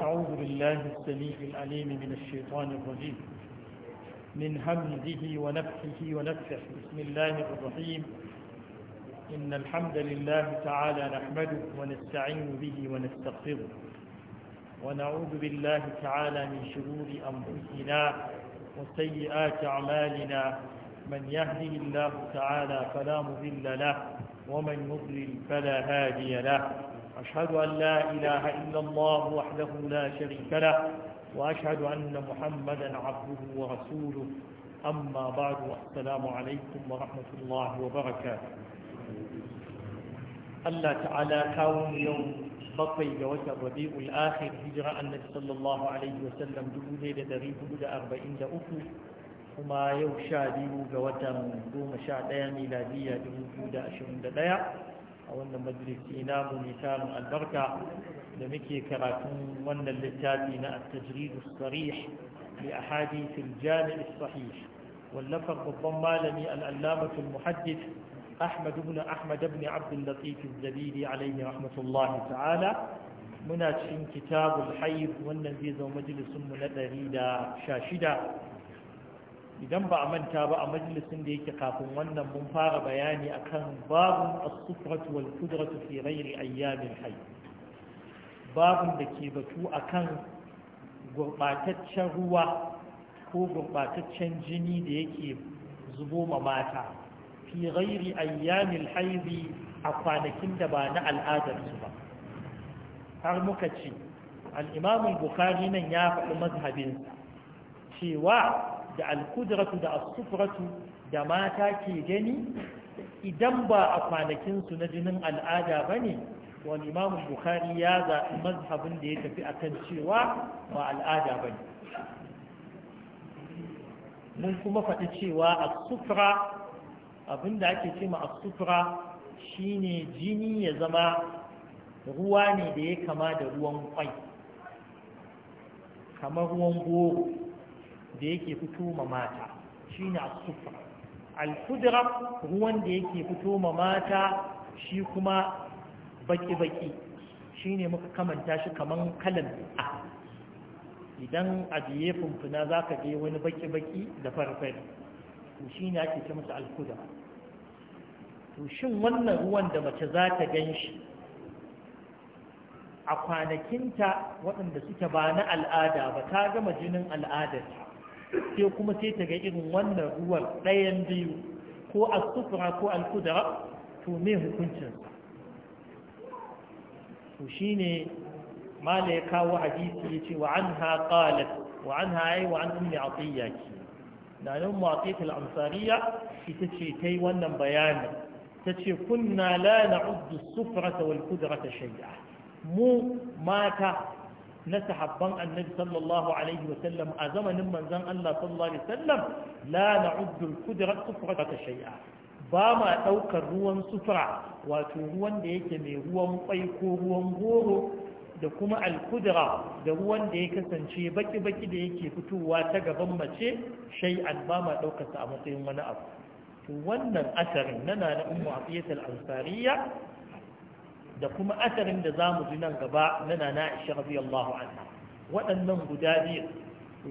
أعوذ بالله السميع العليم من الشيطان الرجيم من همزه ونفسه ونفسه بسم الله الرحيم إن الحمد لله تعالى نحمده ونستعين به ونستغفره ونعوذ بالله تعالى من شرور أنفسنا وسيئات أعمالنا من يهده الله تعالى فلا مضل له ومن يضلل فلا هادي له أشهد أن لا إله إلا الله وحده لا شريك له وأشهد أن محمدا عبده ورسوله أما بعد والسلام عليكم ورحمة الله وبركاته الله تعالى كون يوم بطي جوات الربيع الآخر هجرة النبي صلى الله عليه وسلم دولي لدريب بدا أربعين دأفو وما يوشى ديو من دوم شعدين ميلادية دولي لدى أشهر دأفو a wannan majalisi muni mai tarin albarka da muke karatun wannan littafi na at-tajridu sarih li ahadith al-jami' as-sahih wallafar babban malami al-allamah al-muhaddith أحمد بن أحمد بن عبد اللطيف الزبيدي عليه رحمة الله muna cikin kitabul haif wannan zai zama majalisun mu na ɗari da sha shida idan ba a manta ba a majalisin da yake kafin wannan mun fara bayani akan babun as-sufratu wal qudratu fi ghairi ayyamil hayy babun da ke batu akan gurbataccen ruwa ko gurbataccen jini da yake zubo ma mata fi ghairi ayyamil hayy a kwanakin da ba na al'adar su ba har muka ce al bukhari nan ya faɗi mazhabinsa cewa da alkudratu da asufratu da mata ke gani idan ba a kwanakinsu na jinin al'ada ba ne wani imamun bukari ya zaɓi mazhabin da ya tafi akan cewa ba al'ada ba ne mun kuma faɗi cewa asufra abinda ake ce ma asufra shine jini ya zama ruwa ne da ya kama da ruwan kwai kamar ruwan goro da yake fito ma mata shine as-sufra al ruwan da yake fito ma mata shi kuma baki baki shine muka kamanta shi kaman kalan a idan abu ya funfuna za ka je wani baki baki da farfari to ake ce masa al-khudra to shin wannan ruwan da mace za ta gan shi a kwanakinta waɗanda suke ba na al'ada ba ta gama jinin al'adarta sai kuma sai ta ga irin wannan ruwan ɗayan biyu ko al sufura ko al-kudra to me hukuncin to shine mala ya kawo hadisi ya ce wa anha qalat wa anha ay wa an ummi atiya ki da nan mu'atiq al-ansariya ita ce tai wannan bayani tace kunna la na'uddu as-sufrata wal-kudrata shay'a mu mata na sahabban annabi sallallahu alaihi wa sallam a zamanin manzon Allah sallallahu alaihi wa sallam la na'uddu al-qudrat ta shay'a ba ma daukar ruwan sufra wato ruwan da yake mai ruwan kwai ko ruwan goro da kuma al-qudra da ruwan da ya kasance baki baki da yake fitowa ta gaban mace shay'an ba ma daukar sa a matsayin wani abu to wannan asarin nana na ummu afiyatul ansariya da kuma asarin da za mu ji nan gaba na nana aisha radiyallahu anha waɗannan guda biyu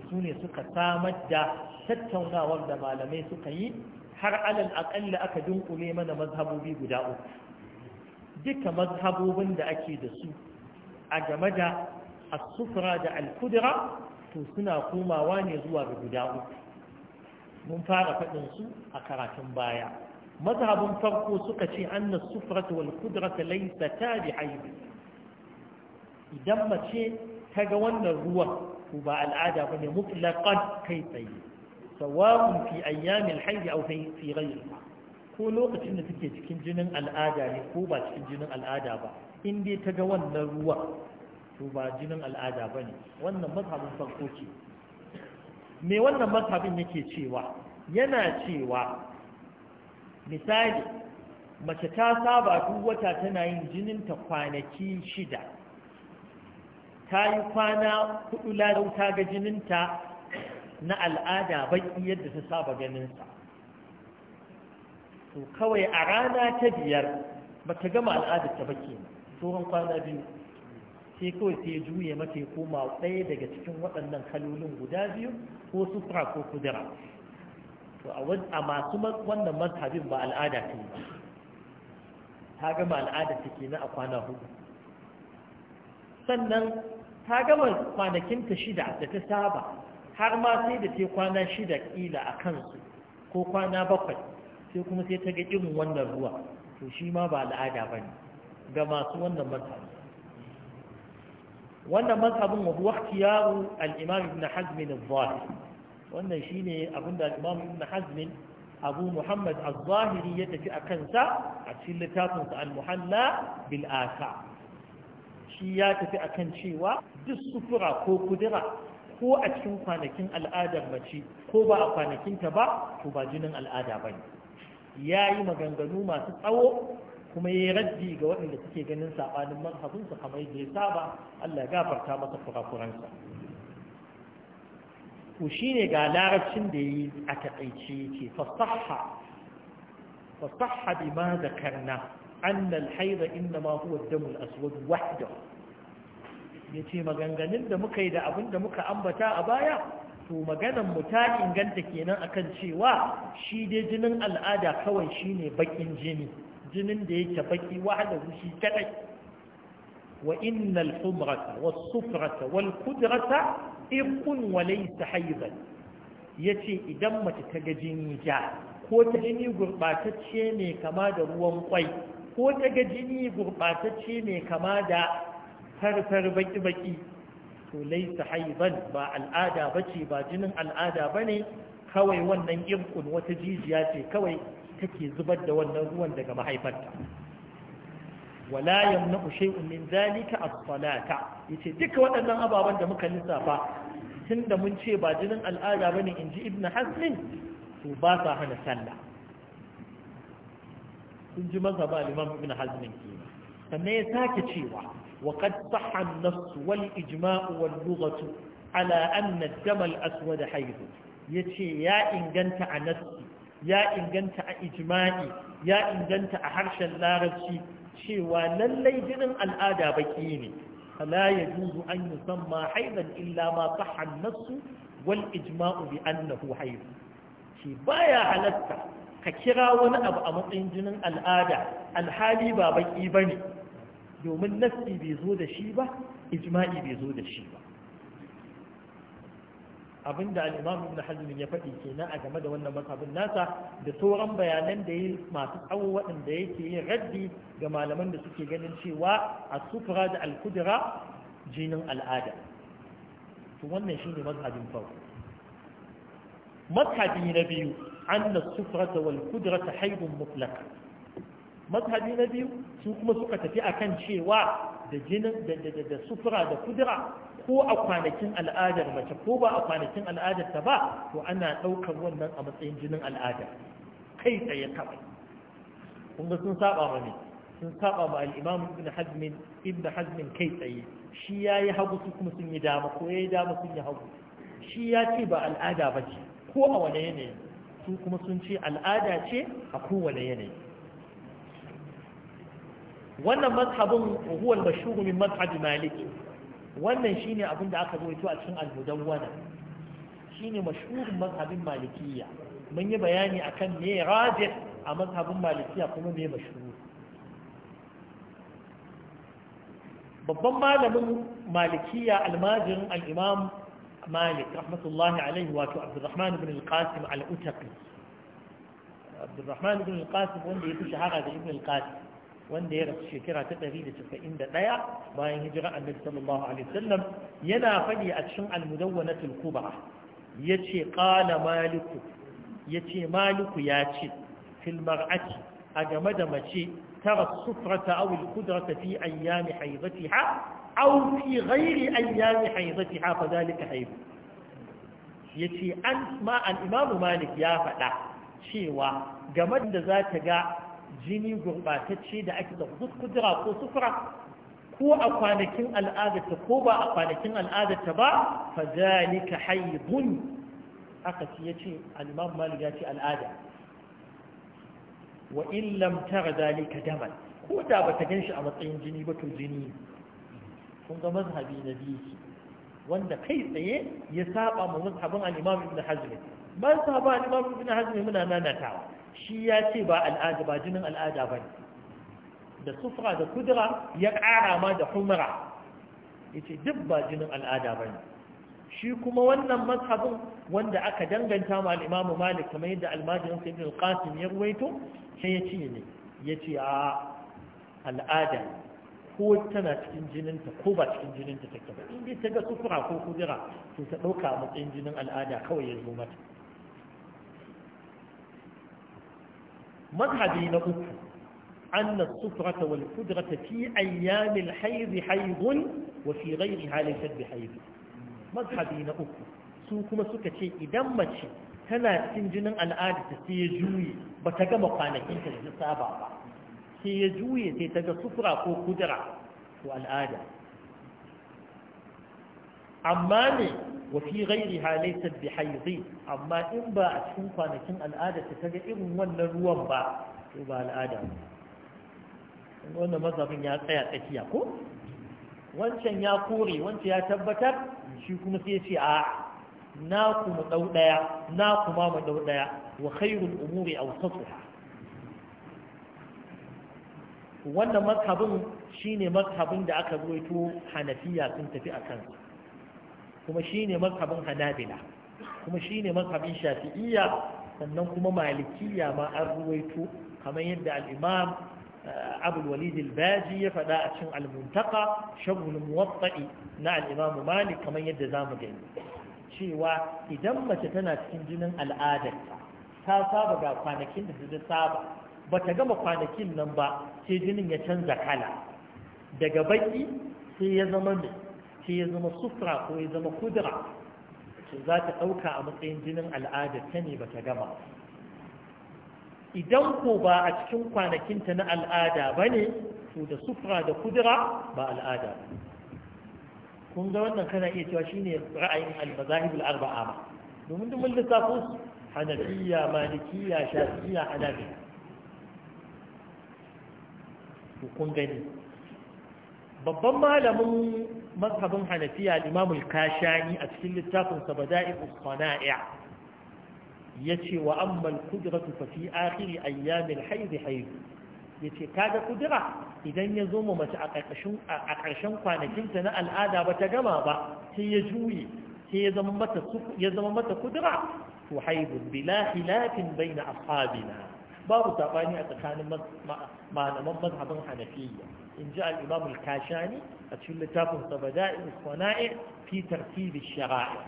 su ne suka samar da tattaunawar da malamai suka yi har alal aƙalla aka dunkule mana mazhabobi guda uku duka mazhabobin da ake da su a game da asufura da alkudura to suna komawa ne zuwa ga guda uku mun fara faɗin su a karatun baya mazhabin farko suka ce annas sufrat wal qudrata laysa tabi'ain idan mace ta ga wannan ruwan to ba al'ada bane mutlaqan kai tsaye sawa'un fi ayyamil hayd aw fi ghayriha ko lokacin da take cikin jinin al'ada ne ko ba cikin jinin al'ada ba in dai ta ga wannan ruwa to ba jinin al'ada ba ne wannan mazhabin farko me wannan mazhabin yake cewa yana cewa misali mace ta saba duk wata tana yin jininta kwanaki shida ta yi kwana hudu larau ta ga jininta na al'ada baki yadda ta saba ganinsa to kawai a rana ta biyar ba gama al'adar ta baki tsohon kwana biyu sai kawai sai ya juye mata ya koma ɗaya daga cikin waɗannan kalolin guda biyu ko sufra ko kudura to a masu wannan mazhabin ba al'ada ce ba ta gama al'ada ta ke na a kwana hudu sannan ta gama kwanakinta shida da ta saba har ma sai da ta kwana shida kila a kansu ko kwana bakwai sai kuma sai ta ga irin wannan ruwa to shi ma ba al'ada ba ne ga masu wannan mazhabin wannan mazhabin wa huwa ikhtiyar al-imam ibn hazm al-zahiri wannan shine abin da imam ibn hazmin abu muhammad al zahiri ya tafi a kansa a cikin littafinsa al-muhalla bil shi ya tafi akan cewa duk sufura ko kudura ko a cikin kwanakin al'adar mace ko ba a kwanakinta ba to ba jinin al'ada ba ne ya yi maganganu masu tsawo kuma ya raddi ga waɗanda suke ganin saɓanin mazhabinsu kamar da ya saba Allah ya gafarta masa kurakuransa to shine ga larabcin da yi a taƙaice yake fasaha fasaha bima zakarna أن الحيض إنما هو الدم الأسود وحده yace maganganun da muka yi da abin da muka ambata a baya to maganan mu ta inganta kenan akan cewa shi dai jinin al'ada kawai shine baƙin jini jinin da yake baƙi wahada shi kaɗai وإن الحمرة والصفرة والقدرة إرق وليس حيضا يتي إدمة تجني جاء ko ta jini gurɓatacce ne kama da ruwan kwai ko ta ga jini gurɓatacce ne kama da farfar baki-baki to laisa haiban ba al'ada ba ce ba jinin al'ada ba ne kawai wannan irkun wata jijiya ce kawai take zubar da wannan ruwan daga mahaifarta wala yamna'u shay'un min zalika as-salata yace duka waɗannan ababen da muka lissafa tunda mun ce ba jinin al'ada bane inji ibn hasmin to ba sa hana sallah kun ji maza ba ibn hasmin kenan sannan ya sake cewa wa qad sahha an-nafs wal ijma'u wal lughatu ala anna ad-dam al-aswad hayd yace ya inganta a nafsi ya inganta a ijma'i ya inganta a harshen larabci cewa lallai jinin al'ada baki ne fala yajuzu an yusamma haizan illa ma sahha an wal ijma'u bi annahu haid shi baya halatta ka kira wani abu a matsayin jinin al'ada alhali ba baki bane domin nassi bai zo da shi ba ijma'i bai zo da shi ba abinda da imam ibn hazm ya faɗi kenan a game da wannan mazhabin nasa da sauran bayanan da yi masu tsawo waɗanda yake yin raddi ga malaman da suke ganin cewa a sufura da al-kudra jinin al'ada to wannan shine mazhabin farko mazhabi na biyu anna sufura da wal ta haidun mutlaq mazhabi na biyu su kuma suka tafi akan cewa da jinin da sufra da kudra ko a kwanakin al'adar mace ko ba a kwanakin al'adar ta ba to ana ɗaukar wannan a matsayin jinin al'ada kai tsaye kawai kun ga sun saba ma ne sun saba ma al-imam ibn hazmin ibn hazmin kai tsaye shi ya yi hagu su kuma sun yi dama ko ya yi dama sun yi hagu shi ya ce ba al'ada ba ce ko a wane yanayi su kuma sun ce al'ada ce a kowane yanayi wannan mazhabin huwa al-mashhur min mazhab maliki wannan shine abin da aka rawaito a cikin al-mudawwana shine mashhurin mazhabin malikiyya mun yi bayani akan me rajih a mazhabin malikiya kuma me mashhur babban malamin malikiya almajirin al-imam malik rahmatullahi alaihi wato abdurrahman ibn al-qasim al-utaqi abdurrahman ibn al-qasim wanda ya fi shahara da ibn al-qasim wanda ya rasu shekara ta ɗari da da ɗaya bayan hijira annabi sallallahu alaihi sallam yana faɗi a cikin al-mudawwanatul kubra yace qala maliku Ya ce maliku ya ce. Filmar ake a game da mace tara sufrata a al-qudrata fi ayyami haidatiha aw fi ghairi ayyami haidatiha fa dhalika haid yace an ma al-imam malik ya faɗa. cewa game da za ta ga jini gurbatacce da ake da kudura ko sufura ko a kwanakin al'adarta ko ba a kwanakin al'adarta ba fa zalika haidun aka ce yace al-imam malik ya ce al'ada wa in lam tara zalika daman ko da bata ganshi a matsayin jini ba to jini kun ga mazhabi na biyu wanda kai tsaye ya saba ma mazhabin al-imam ibn hazm mazhabin al-imam ibn hazm muna nanatawa shi ya ce ba al'ada ba jinin al'ada ba ne da sufra da kudura ya ƙara ma da humura. ya ce duk ba jinin al'ada ba ne shi kuma wannan mazhabin wanda aka danganta ma al'imamu malik kamar yadda almajirin sai ibn qasim ya ruwaito sai ya ce ne ya ce a al'ada ko tana cikin jininta ko ba cikin jininta take ba in bai ta ga sufura ko kudura Sai ta ɗauka matsayin jinin al'ada kawai ya zo mata mazhabi na uku anna sufrata wal kudrata fi ayyamil haidhi haidun wa fi ghairi halin shaddi haidhi mazhabi na uku su kuma suka ce idan mace tana cikin jinin al'ada ta sai ya juye ba ta gama kwanakin ta da saba ba sai ya juye sai ta ga sufra ko kudra ko al'ada amma ne wafi gairi halai sabbi haizi amma in ba a cikin kwanakin al'ada ta kaga irin wannan ruwan ba to ba al'ada ba wannan mazafin ya tsaya tsakiya ko wancan ya kore wancan ya tabbatar shi kuma sai a na kuma dau daya na kuma ma dau daya wa khairul umuri awsatuha wannan mazhabin shine mazhabin da aka zoito hanafiya sun tafi a sa kuma shine mazhabin hanabila kuma shine mazhabin shafi'iyya sannan kuma malikiyya ma an ruwaito kamar yadda Al'imam eh, abul walid al-baji ya faɗa a cikin al-muntaka shabul muwatta'i na al-imam malik kamar yadda zamu gani cewa idan mace tana cikin jinin al'adarta ta saba ga kwanakin da ta saba ba ta gama kwanakin nan ba sai jinin ya canza kala daga baki sai ya zama mai sai ya zama sufra ko ya zama kudura to za ta ɗauka a matsayin jinin al'ada ta ne ba ta gama idan ko ba a cikin kwanakinta na al'ada ba ne to da sufra da kudura ba al'ada kun ga wannan kana iya cewa shine ra'ayin al-mazahib arbaa ba. domin duk mun su hanafiya malikiya shafi'iyya hanafi kun gani babban malamin mazhabin hanafiya al-imam kashani a cikin littafin sa bada'i'us sana'i' yace wa amma kudura qudratu fa akiri akhir ayyam al-hayd hayd yace kaga kudura idan ya zo mu mace a karshen ƙarshen kwanakinta na al'ada ba ta gama ba sai ya juye sai ya zama mata ya zama kudura to haibun bila khilafin baina ashabina باب تباني أتخان ما ما ما مذهب حنفية إن جاء الإمام الكاشاني أتشل تابه تبدائل الخنائع في ترتيب الشرائع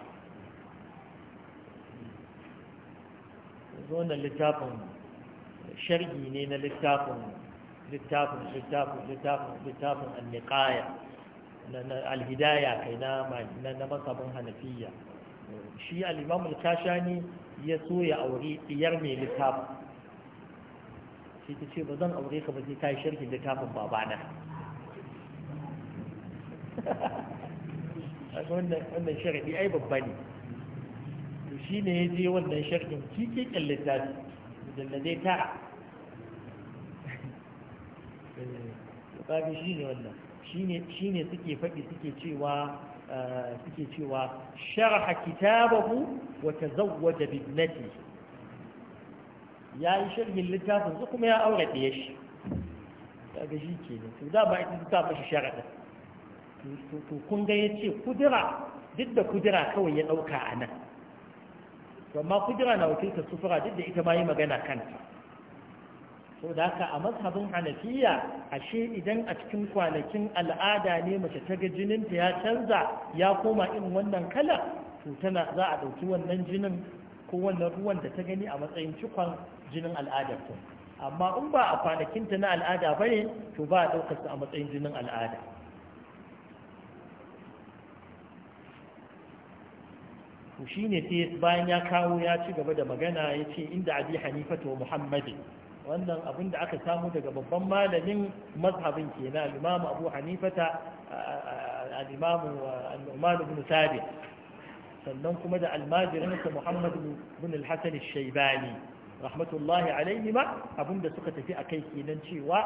زون اللي تابهم شرقينين اللي تابهم اللي تابهم الهداية كنا ما لنا مذهب حنفية شيء الإمام الكاشاني يسوي أو يرمي لتابه sai ta ce ba zan aure ka ba sai ta yi sharhi da tafin babana wannan sharadi ai babba ne to shi ne ya je wannan sharadin kike kyallata zai tara eh, kaga shi ne wannan shi ne suke faɗi suke cewa eh, suke cewa sharha kitabahu wa tazawwaja bi ibnatihi ya yi sharhin littafin su kuma ya aure ɗaya shi ga shi ke ne da ba ita ta fashe sharaɗa to kun ga ya ce kudura duk da kudura kawai ya ɗauka a nan amma kudura na wakiltar sufura duk da ita ma yi magana kanta sau da haka a mazhabin hanafiya ashe idan a cikin kwanakin al'ada ne mace ta ga jininta ya canza ya koma irin wannan kala to tana za a ɗauki wannan jinin ko wannan ruwan da ta gani a matsayin cikon jinin al'adar amma in ba a kwanakinta na al'ada ba ne to ba a ɗaukar a matsayin jinin al'ada to shi ne sai bayan ya kawo ya ci gaba da magana ya ce inda abi hanifatu muhammadin wannan abin da aka samu daga babban malamin mazhabin ke na Limamu abu hanifata al-imam al-nu'man ibn sannan kuma da almajirinsa Muhammad bin al-Hasan rahmatullahi alaihi ma abinda suka tafi a kai kenan cewa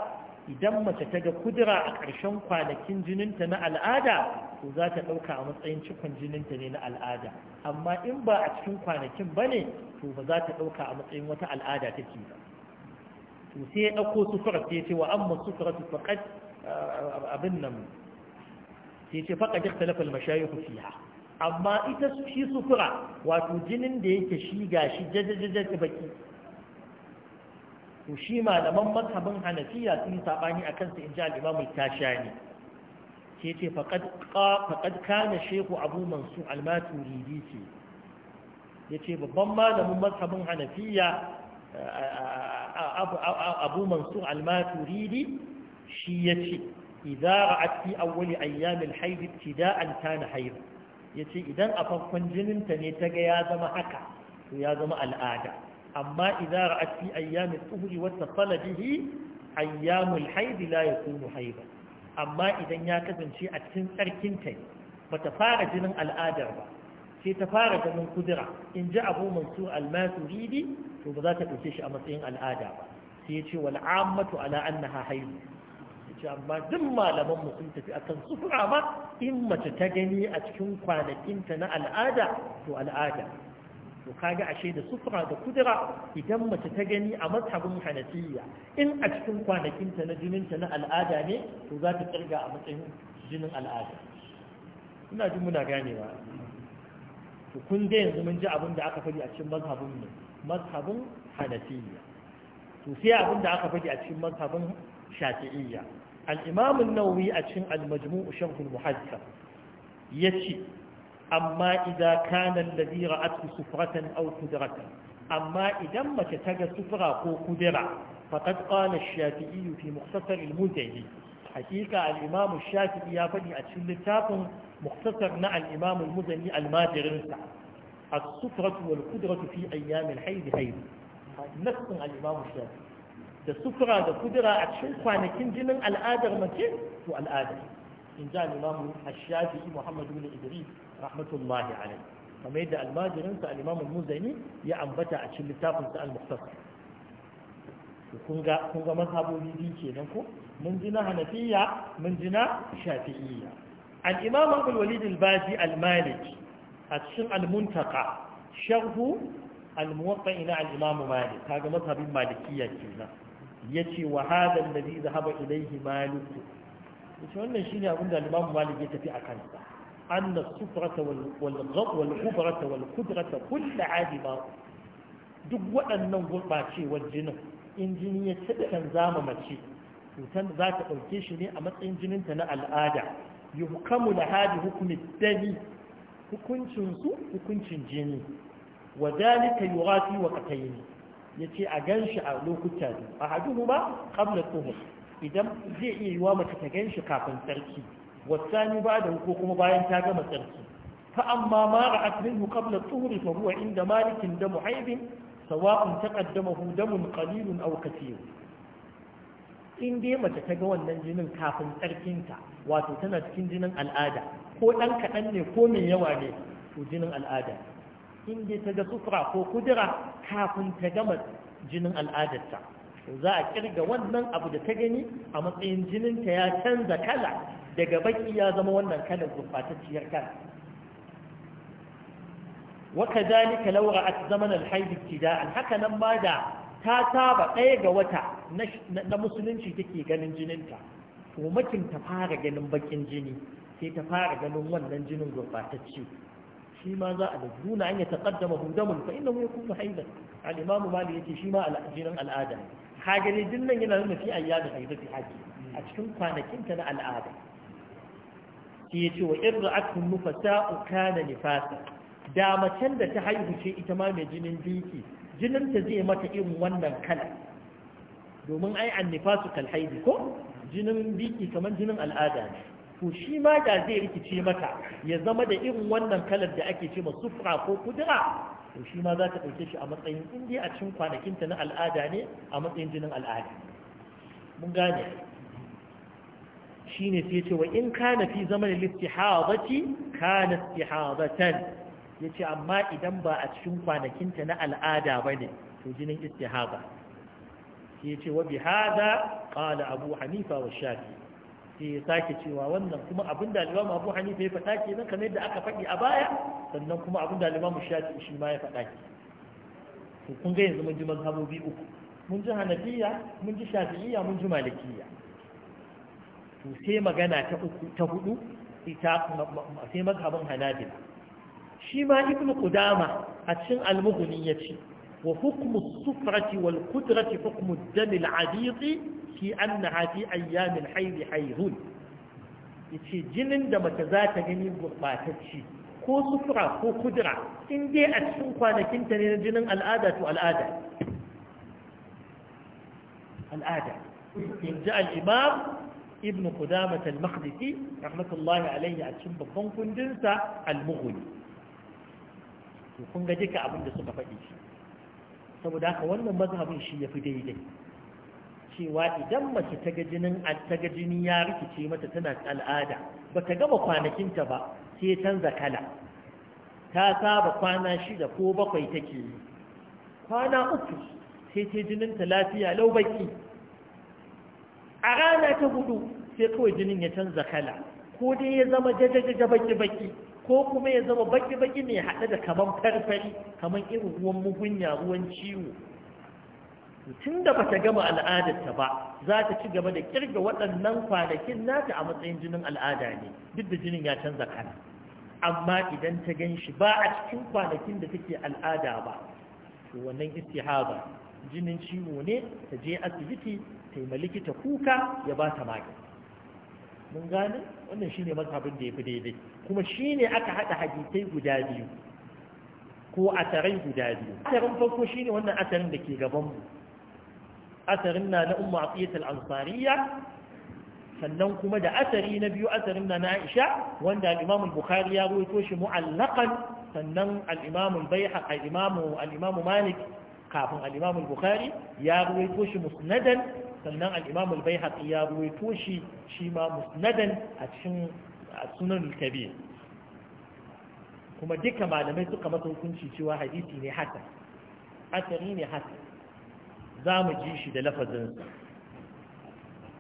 idan mace ta ga kudura a ƙarshen kwanakin jininta na al'ada to za ta ɗauka a matsayin cikon jininta ne na al'ada amma in ba a cikin kwanakin ba ne to ba za ta ɗauka a matsayin wata al'ada take ba to sai ya ɗauko sufura sai ce wa amma sufura su faƙad abin nan sai ce faƙad talafal mashayihu fiha amma ita shi sutura wato jinin da yake shi ga shi jajajajar baki to shi malaman mazhabin hanafiya sun sabani a kansa in ji al'imam tashani ke ce faƙad kana shehu abu mansu almaturidi ce ya ce babban malamin mazhabin hanafiya abu mansur almaturidi shi ya ce idara a fi awwali ayyamin haidi ibtida'an kana haidu ya ce idan a farkon jininta ne ta ga ya zama haka to ya zama al'ada amma idan ra'at fi ayyami tuhuri wata ya bihi ayyamul haidi la yakunu haiba amma idan ya kasance a cikin tsarkin ta bata fara jinin al'adar ba sai ta fara ganin kudura in ji abu mansur almasu maturidi to ba za ta ɗauke shi a matsayin al'ada ba sai ya ce wal ammatu ala annaha haihu. ce amma duk malaman mu sun tafi akan sufura ba in mace ta gani a cikin kwanakinta na al'ada to al'ada to kaga ashe da sufura da kudura idan mace ta gani a mazhabin hanafiyya in a cikin kwanakinta na jininta na al'ada ne to za ta kirga a matsayin jinin al'ada ina jin muna ganewa to kun dai yanzu mun ji abin da aka faɗi a cikin mazhabin mu mazhabin hanafiyya to sai abin da aka faɗi a cikin mazhabin shafi'iyya al'imamin nauyi a cikin almajimu ushankul ya ce amma idan kanan da zira sufuratan au kudiratan amma idan mace taga ga sufura ko kudira faƙad ƙwana shafi'i fi muktasar ilmuzaini hakika al’imamun shafi'i ya faɗi a cikin littafin muktasar na al’imamun muzani almajirinsa a sufuratu wal kudiratu fi ayyamin haidi haidi nasin al’imamun shafi'i da sufura da kudura a cikin kwanakin jinin al'adar mace to al'adar in ji al'imamu ashafi muhammad bin idris rahmatullahi alai kamar yadda almajirinsa al'imamu muzani ya ambata a cikin littafinsa al-muhtasar kun ga kun mazhabobi biyu kenan ko mun ji na mun ji na shafi'iyya al-imam abul walid al-baji al-malik a cikin al-muntaka sharhu al-muwatta ila al-imam malik kaga mazhabin malikiyya kenan ya ce wa hadan da zai zahaba ilaihi maliku ya ce wannan shi ne abin da alimamu malik ya tafi a ta. an na sufurata walkubarata walkudrata kulla adima duk waɗannan gurɓacewar jinin in jini ya zama mace cutar za ta ɗauke shi ne a matsayin jininta na al'ada yi hukamu da hadi hukumin dani hukuncinsu hukuncin jini wa dalika yi wa ne. ya ce a gan shi a lokuta biyu a hajjuhu ba ƙamlar tuhur idan zai iya yiwa mace ta gan shi kafin tsarki wasani ba da ko kuma bayan ta gama tsarki Ta amma ma ra'at minhu qabla tuhuri fa huwa inda malikin da muhaibin sawa'un taqaddamahu damun qalilun aw kathir in dai mace ta ga wannan jinin kafin tsarkinta wato tana cikin jinin al'ada ko ɗan kaɗan ne ko mai yawa ne to jinin al'ada in dai ta ga sufra ko kudura kafin ta gama jinin al'adarta za a kirga wannan abu da ta gani a matsayin jininta ya canza kala daga baki ya zama wannan kalar gurbatacciyar kala waka zalika laura a zaman alhaidi ibtida'an haka nan ma da ta saba ɗaya ga wata na musulunci take ganin jininta to makin ta fara ganin bakin jini sai ta fara ganin wannan jinin gurbatacce shi ma za a daji duna an ya taƙaddama hudamun fa inda ya kuma haidar al'imamu mali ya ce shi ma jinin al'ada kaga dai duk nan yana nuna fi yara, da haidar fi haji a cikin kwanakinta na al'ada Ke ya ce wa irra akun nufasa kana nifasa da macen da ta haihu ce ita ma mai jinin biki jinin ta zai mata irin wannan kala domin ai an nifasu kalhaidi ko jinin biki kamar jinin al'ada ne to shi ma da zai rikice maka ya zama da irin wannan kalar da ake ce sufra ko kudura to shi ma za ta ɗauke shi a matsayin indiya a cikin kwanakinta na al'ada ne a matsayin jinin al'ada mun gane shi ne sai ce wa in kana fi zama da liftihadati kana istihadatan ya ce amma idan ba a cikin kwanakinta na al'ada ba ne to jinin istihada sai ya ce wa bi hada qala abu hanifa wa shafi'i ke ya sake cewa wannan kuma abin da alimamu abu hanifa ya faɗa ke nan kamar yadda aka faɗi a baya sannan kuma abin da alimamu shafi shi ma ya faɗa ke to kun ga yanzu mun ji mazhabobi uku mun ji hanafiya mun ji shafi'iyya mun ji malikiya to sai magana ta uku ta hudu ita sai mazhabin hanabila shi ma ibnu qudama a cikin al-mughni yace وحكم ا والقدرة س حكم الدم العديق في أنها في أيام ي ا م الحيض حيهن يتشي جنن دم تزاك جنين قرباتتشي كو س ف ر ة كو ق ان دي اتشن قانك انت جنن ا ل ا ان جاء ا ابن قدامة د ا م ة المقدسي ر الله عليه اتشن بقنكن جنس المغني يكون لديك أ ب و ن saboda haka wannan mazhabin shi ya fi daidai cewa idan mace ta ga jinin ta ga jini ya rikice mata tana al'ada ba ta gama kwanakinta ba sai canza kala ta saba kwana shida ko bakwai take yi kwana uku sai ta ta lafiya lau baki a rana ta hudu sai kawai jinin ya canza kala ko dai ya zama jajajaja baki baki ko kuma ya zama baki-baki ne haɗe da kaman farfari kaman irin ruwan mugunya ruwan ciwo tun da ba ta gama al'adarta ba za ta ci gaba da kirga waɗannan kwanakin nata a matsayin jinin al'ada ne duk da jinin ya canza kana amma idan ta gan shi ba a cikin kwanakin da take al'ada ba to wannan istihaba jinin ciwo ne ta je asibiti ta yi likita kuka ya ba ta magani mun gane wannan shine mazhabin da yafi daidai kuma shine aka hada hadisai guda biyu ko asarai guda biyu Asarin farko shine wannan asarin da ke gaban mu Asarin na na umma atiyat al sannan kuma da asari na biyu asarin na na Aisha wanda al-Imam bukhari ya ruwaito shi mu'allaqan sannan al-Imam al al-Imam al-Imam Malik kafin al-Imam bukhari ya ruwaito shi musnadan sannan al-imam al-baihaqi ya ruwaito shi shi ma musnadan a cikin sunan kabir kuma duka malamai suka masa hukunci cewa hadisi ne haka asari ne haka za mu ji shi da lafazin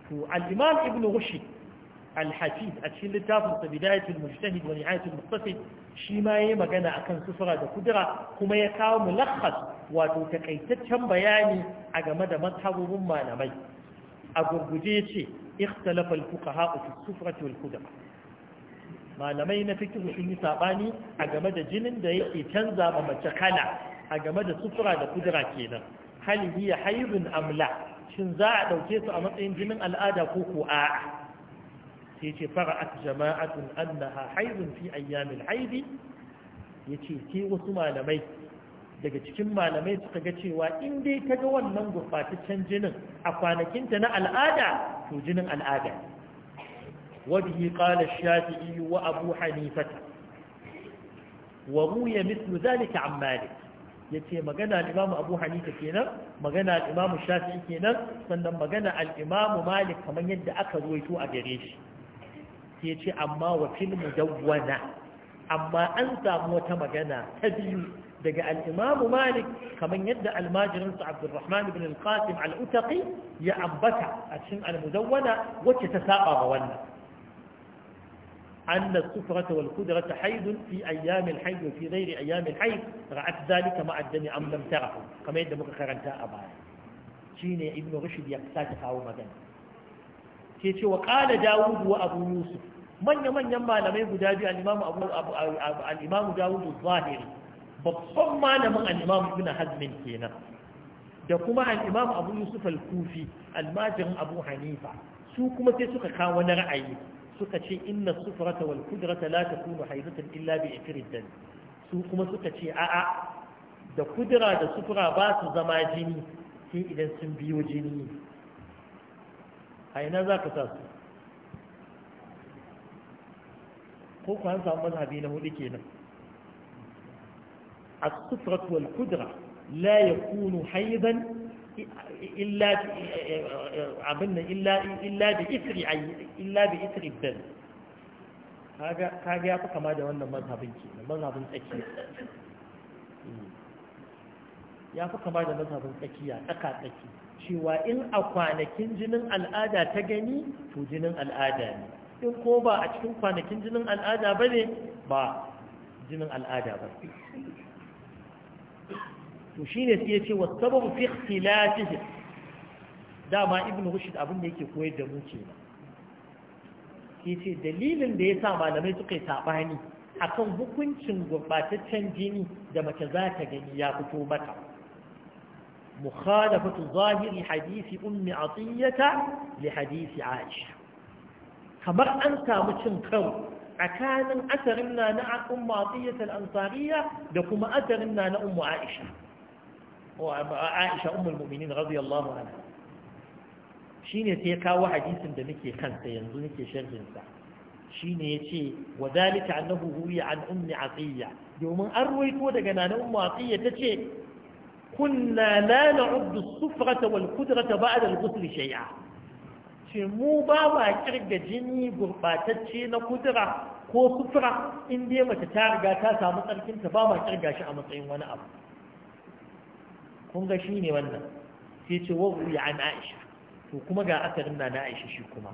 to al-imam ibn rushd al-hafiz a cikin littafin sa bidayatul mujtahid wa shi ma yayi magana akan sufura da kudura kuma ya kawo mulakhas wato takaitaccen bayani a game da mazhabubin malamai a gurguje ce ikhtalafa al-fuqaha fi sufrati wal malamai na fikihu sun yi saɓani, a game da jinin da yake canza ma mace kala a game da sufura da kudura kenan hali biya hayrun amla shin za a ɗauke su a matsayin jinin al'ada ko ko a'a sai ce fara'at jama'atun annaha hayrun fi ayyamil haidi ce ke wasu malamai daga cikin malamai suka ga cewa in dai ta ga wannan gurbataccen jinin a kwanakinta na al'ada to jinin al'ada wabihi qala shafi'i wa abu hanifata wa ruya mithlu zalika an malik ce magana al abu hanifa kenan magana al shafi'i kenan sannan magana al malik kamar yadda aka ruwaito a gare shi Ya yace amma wa fil mudawwana amma an samu wata magana ta biyu daga الإمام مالك كمن يدعى الماجر عبد الرحمن بن القاسم على أتقي يا a cikin almudawwana وتتساقى غوانا أن السفرة والقدرة حيد في أيام الحيد وفي غير أيام الحيد رأت ذلك مع أدني أم لم تره كما يدى مكخرا أبايا شين ابن رشد يكسات فاو مدن وقال داود وأبو يوسف من يمن يما لم يبدأ الإمام, أبو الإمام داود الظاهري babban malamin al-imam ibn hazmin kenan da kuma al-imam abu yusuf al-kufi almajin abu hanifa su kuma sai suka kawo wani ra'ayi suka ce inna sufrata wal kudrata la takunu haidatan illa bi ifridan su kuma suka ce a'a da kudura da sufura ba su zama jini sai idan sun biyo jini a ina za ka sa su ko ku an samu mazhabi na hudu kenan الصفرة والقدرة لا يكون حيضا إلا عملنا إلا إلا بإثر إلا بإثر الدم kaga ya kama da wannan mazhabin ke mazhabin tsakiya ya kama da mazhabin tsakiya tsaka tsaki cewa in a kwanakin jinin al'ada ta gani to jinin al'ada ne in ko ba a cikin kwanakin jinin al'ada ba ba jinin al'ada ba to shine sai yace wasabu fi ikhtilafihi dama ibnu rushd abin da yake koyar da mu kenan ce dalilin da yasa malamai suka yi sabani akan hukuncin gurbataccen jini da mace za ta gani ya fito mata mukhalafatu zahiri hadisi ummi atiyata li hadisi aisha kamar an samu cin karo tsakanin asarin na na ummu atiyata al-ansariya da kuma asarin na na aisha Aisha ummul mu'minin radiyallahu anha shine sai kawo hadisin da nake kansa yanzu nake sharhin sa shine yace wa zalika annahu huwiya an ummi atiya domin an ruwaito daga nana ummu atiya tace kunna la na'uddu as-sufrata wal qudrata ba'da al-ghusl shay'a ce mu ba ma kirga jini gurbatacce na kudura ko sufura in dai mace ta riga ta samu tsarkinta ba ma kirga shi a matsayin wani abu kun ga shi ne wannan sai ce wa ruya an aisha to kuma ga asarin na na aisha shi kuma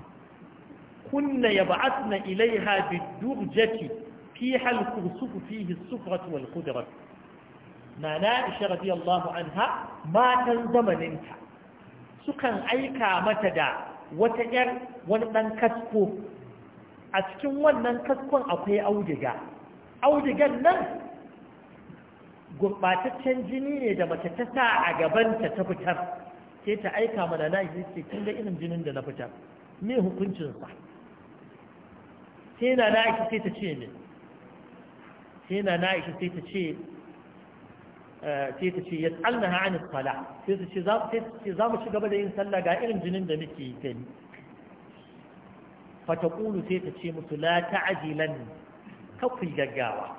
kunna ya ba'atna ilaiha bidurjati fi hal kursufu fihi sufratu wal qudrat na na aisha radiyallahu anha matan zamaninta sukan aika mata da wata yar wani dan kasko a cikin wannan kaskon akwai audiga audigan nan Gurɓataccen jini ne da mace ta sa a gabanta ta fitar sai ta aika mana na yi ce kin ga irin jinin da na fitar me hukuncinsa sai na na aiki sai ta ce ne sai na na aiki sai ta ce eh, sai ta ce ya tsalna ha'anin sala sai ta ce za mu ci gaba da yin sallah ga irin jinin da muke yi gani fata ƙulu sai ta ce musu la ta'ajilan kakwai gaggawa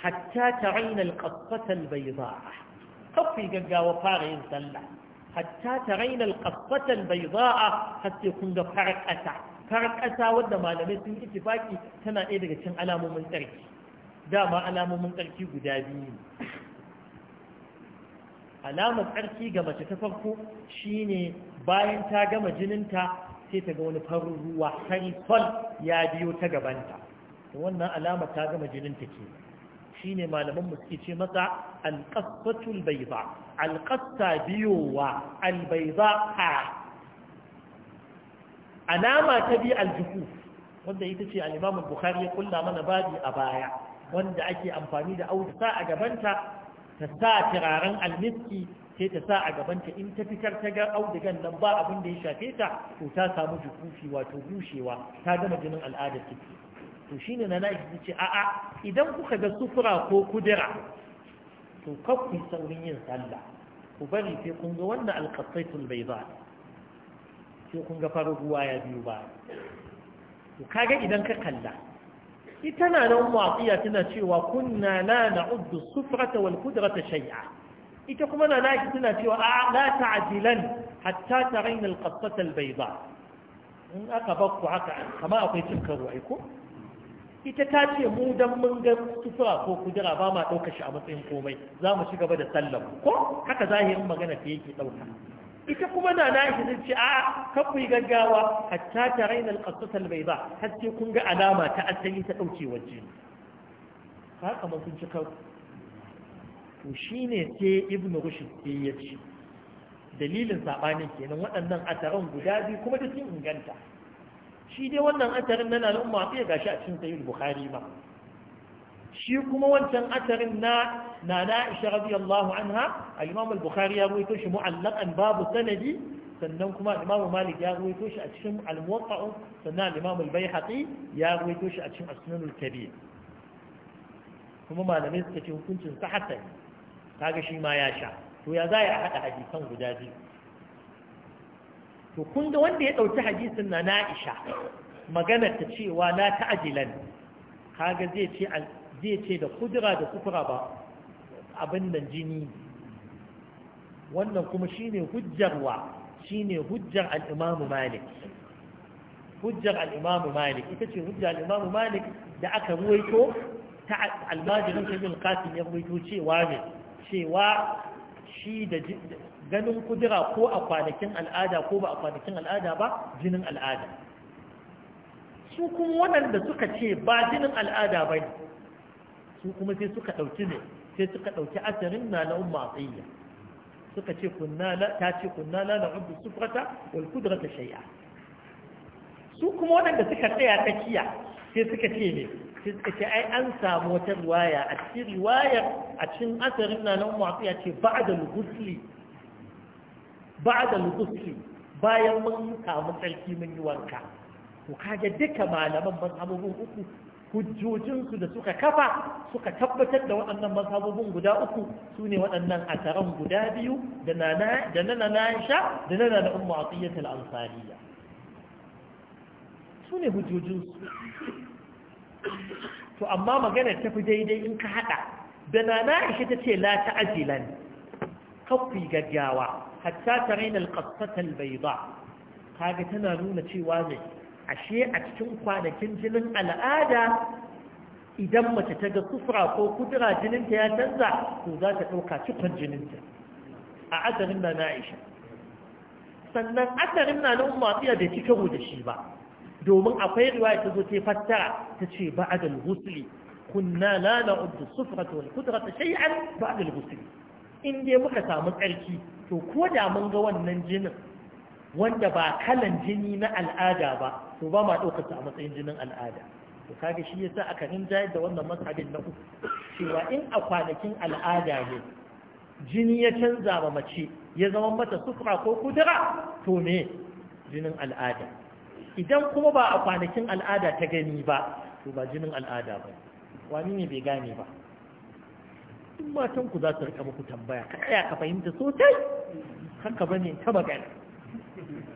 hatta ta'ayna al-qaffata al-bayda'a kafi gaggawa fara yin sallah hatta ta'ayna al-qaffata al-bayda'a hatta kun ga farqata farqata wanda malamai sun ittifaki tana ɗaya daga cikin alamomin tsarki dama alamomin tsarki guda biyu alamar tsarki ga mace ta farko shine bayan ta gama jininta sai ta ga wani farin ruwa fari ya biyo ta gabanta wannan alama ta gama jininta ke shine malaman mu suke ce masa alqassatul bayda alqassa biyowa albayda ha alama ta bi aljuhu, wanda ita ce al bukhari ya kulla mana babi a baya wanda ake amfani da sa a gabanta ta sa turaren almiski sai ta sa a gabanta in ta fitar ta ga audugan nan ba abin da ya shafe ta to ta samu jukufi wato bushewa ta gama jinin al'adar ciki to ne na nashi ta ce a'a idan kuka ga sufura ko kudura to kakwai saurin yin sallah ku bari sai kun ga wannan alƙasaitul bai ba sai kun ga farin ruwa ya biyu ba to kaga idan ka kalla ita na nan watsiya tana cewa kunna la na'uddu sufrata wal qudrata shay'a ita kuma na nashi tana cewa a la ta'jilan hatta tarayna al qassata al bayda in aka bakku haka kama akwai cin karo ai ko ita ta ce mu dan mun ga kusura ko kudura ba ma ɗauka shi a matsayin komai za mu ci gaba da sallar ko haka zahirin magana ta yake ɗauka ita kuma na na shi zai ce a kan ku gaggawa hatta ta raina alƙasasar bai ba har sai kun ga alama ta asali ta ɗauke waje ka ma kun ci kawo to shine sai ibnu rushd sai ya ce dalilin saɓanin kenan waɗannan asaran guda biyu kuma da sun inganta shi dai wannan atarin na al'umma ga shi a cikin sahih bukhari ma shi kuma wancan atarin na na Aisha radiyallahu anha a imam al-Bukhari ya ruwaito shi mu'allaqan babu sanadi sannan kuma Imam Malik ya ruwaito shi a cikin al-Muwatta sannan Imam al-Baihaqi ya ruwaito shi a cikin As-Sunan al-Kabir kuma malamai suka ce hukuncin sa kaga shi ma ya sha to ya za a hada hadisan guda biyu to kun ga wanda ya ɗauki hadisin na na'isha maganar ta cewa na ta'ajilan kaga zai ce da kudura da kufura ba abin nan jini wannan kuma ne hujjarwa ne hujjar al'imamu Malik hujjar al'imamu Malik ita ce hujjar al'imamu Malik da aka ruwaito ta almajirin majid kafin Qasim ya ruwaito cewa ne cewa shi da ganin kudura ko a kwanakin al'ada ko ba a kwanakin al'ada ba jinin al'ada su kuma waɗanda suka ce ba jinin al'ada ba su kuma sai suka ɗauki ne sai suka ɗauki asirin na na'un umma tsayya suka ce ta ce kunna la na'udu sufrata wal ta shay'a su kuma waɗanda suka tsaya tsakiya sai suka ce ne sai suka ce ai an samu wata riwaya a cikin riwayar a cikin asarin na nan masu ya ce ba da da bayan mun samu tsarki mun yi wanka to kaga duka malaman mazhabobin uku hujjojinsu da suka kafa suka tabbatar da waɗannan mazhabobin guda uku su ne waɗannan asaran guda biyu da na na da na na da na na na umma asiyatul ansariya su ne hujjojinsu to amma maganar tafi daidai in ka haɗa da na ishe ta ce la ta'ajilan kafi gaggawa hatta ta raina alƙasatar bai ba kaga tana nuna cewa ne ashe a cikin kwanakin jinin al'ada idan mace ta ga kufra ko kudura jininta ya canza to za ta ɗauka cikon jininta a azarin na na'isha sannan asarin na nan matsiya bai cika da shi ba domin akwai riwaya ta zo ta fassara ta ce ba'da al-ghusli kunna la na'uddu to wal ta shay'an ba'da al-ghusli in dai muka samu karki to ko da mun ga wannan jinin wanda ba kalan jini na al'ada ba to ba ma ɗaukar a matsayin jinin al'ada to kaga shi yasa aka rinjayar da wannan masabin na uku cewa in a kwanakin al'ada ne jini ya canza ma mace ya zama mata sufra ko kudura to ne jinin al'ada idan kuma ba a kwanakin al'ada ta gani ba to ba jinin al'ada ba wani ne bai gane ba in matan ku za su rika muku tambaya ka tsaya ka fahimta sosai haka ba ne ta magana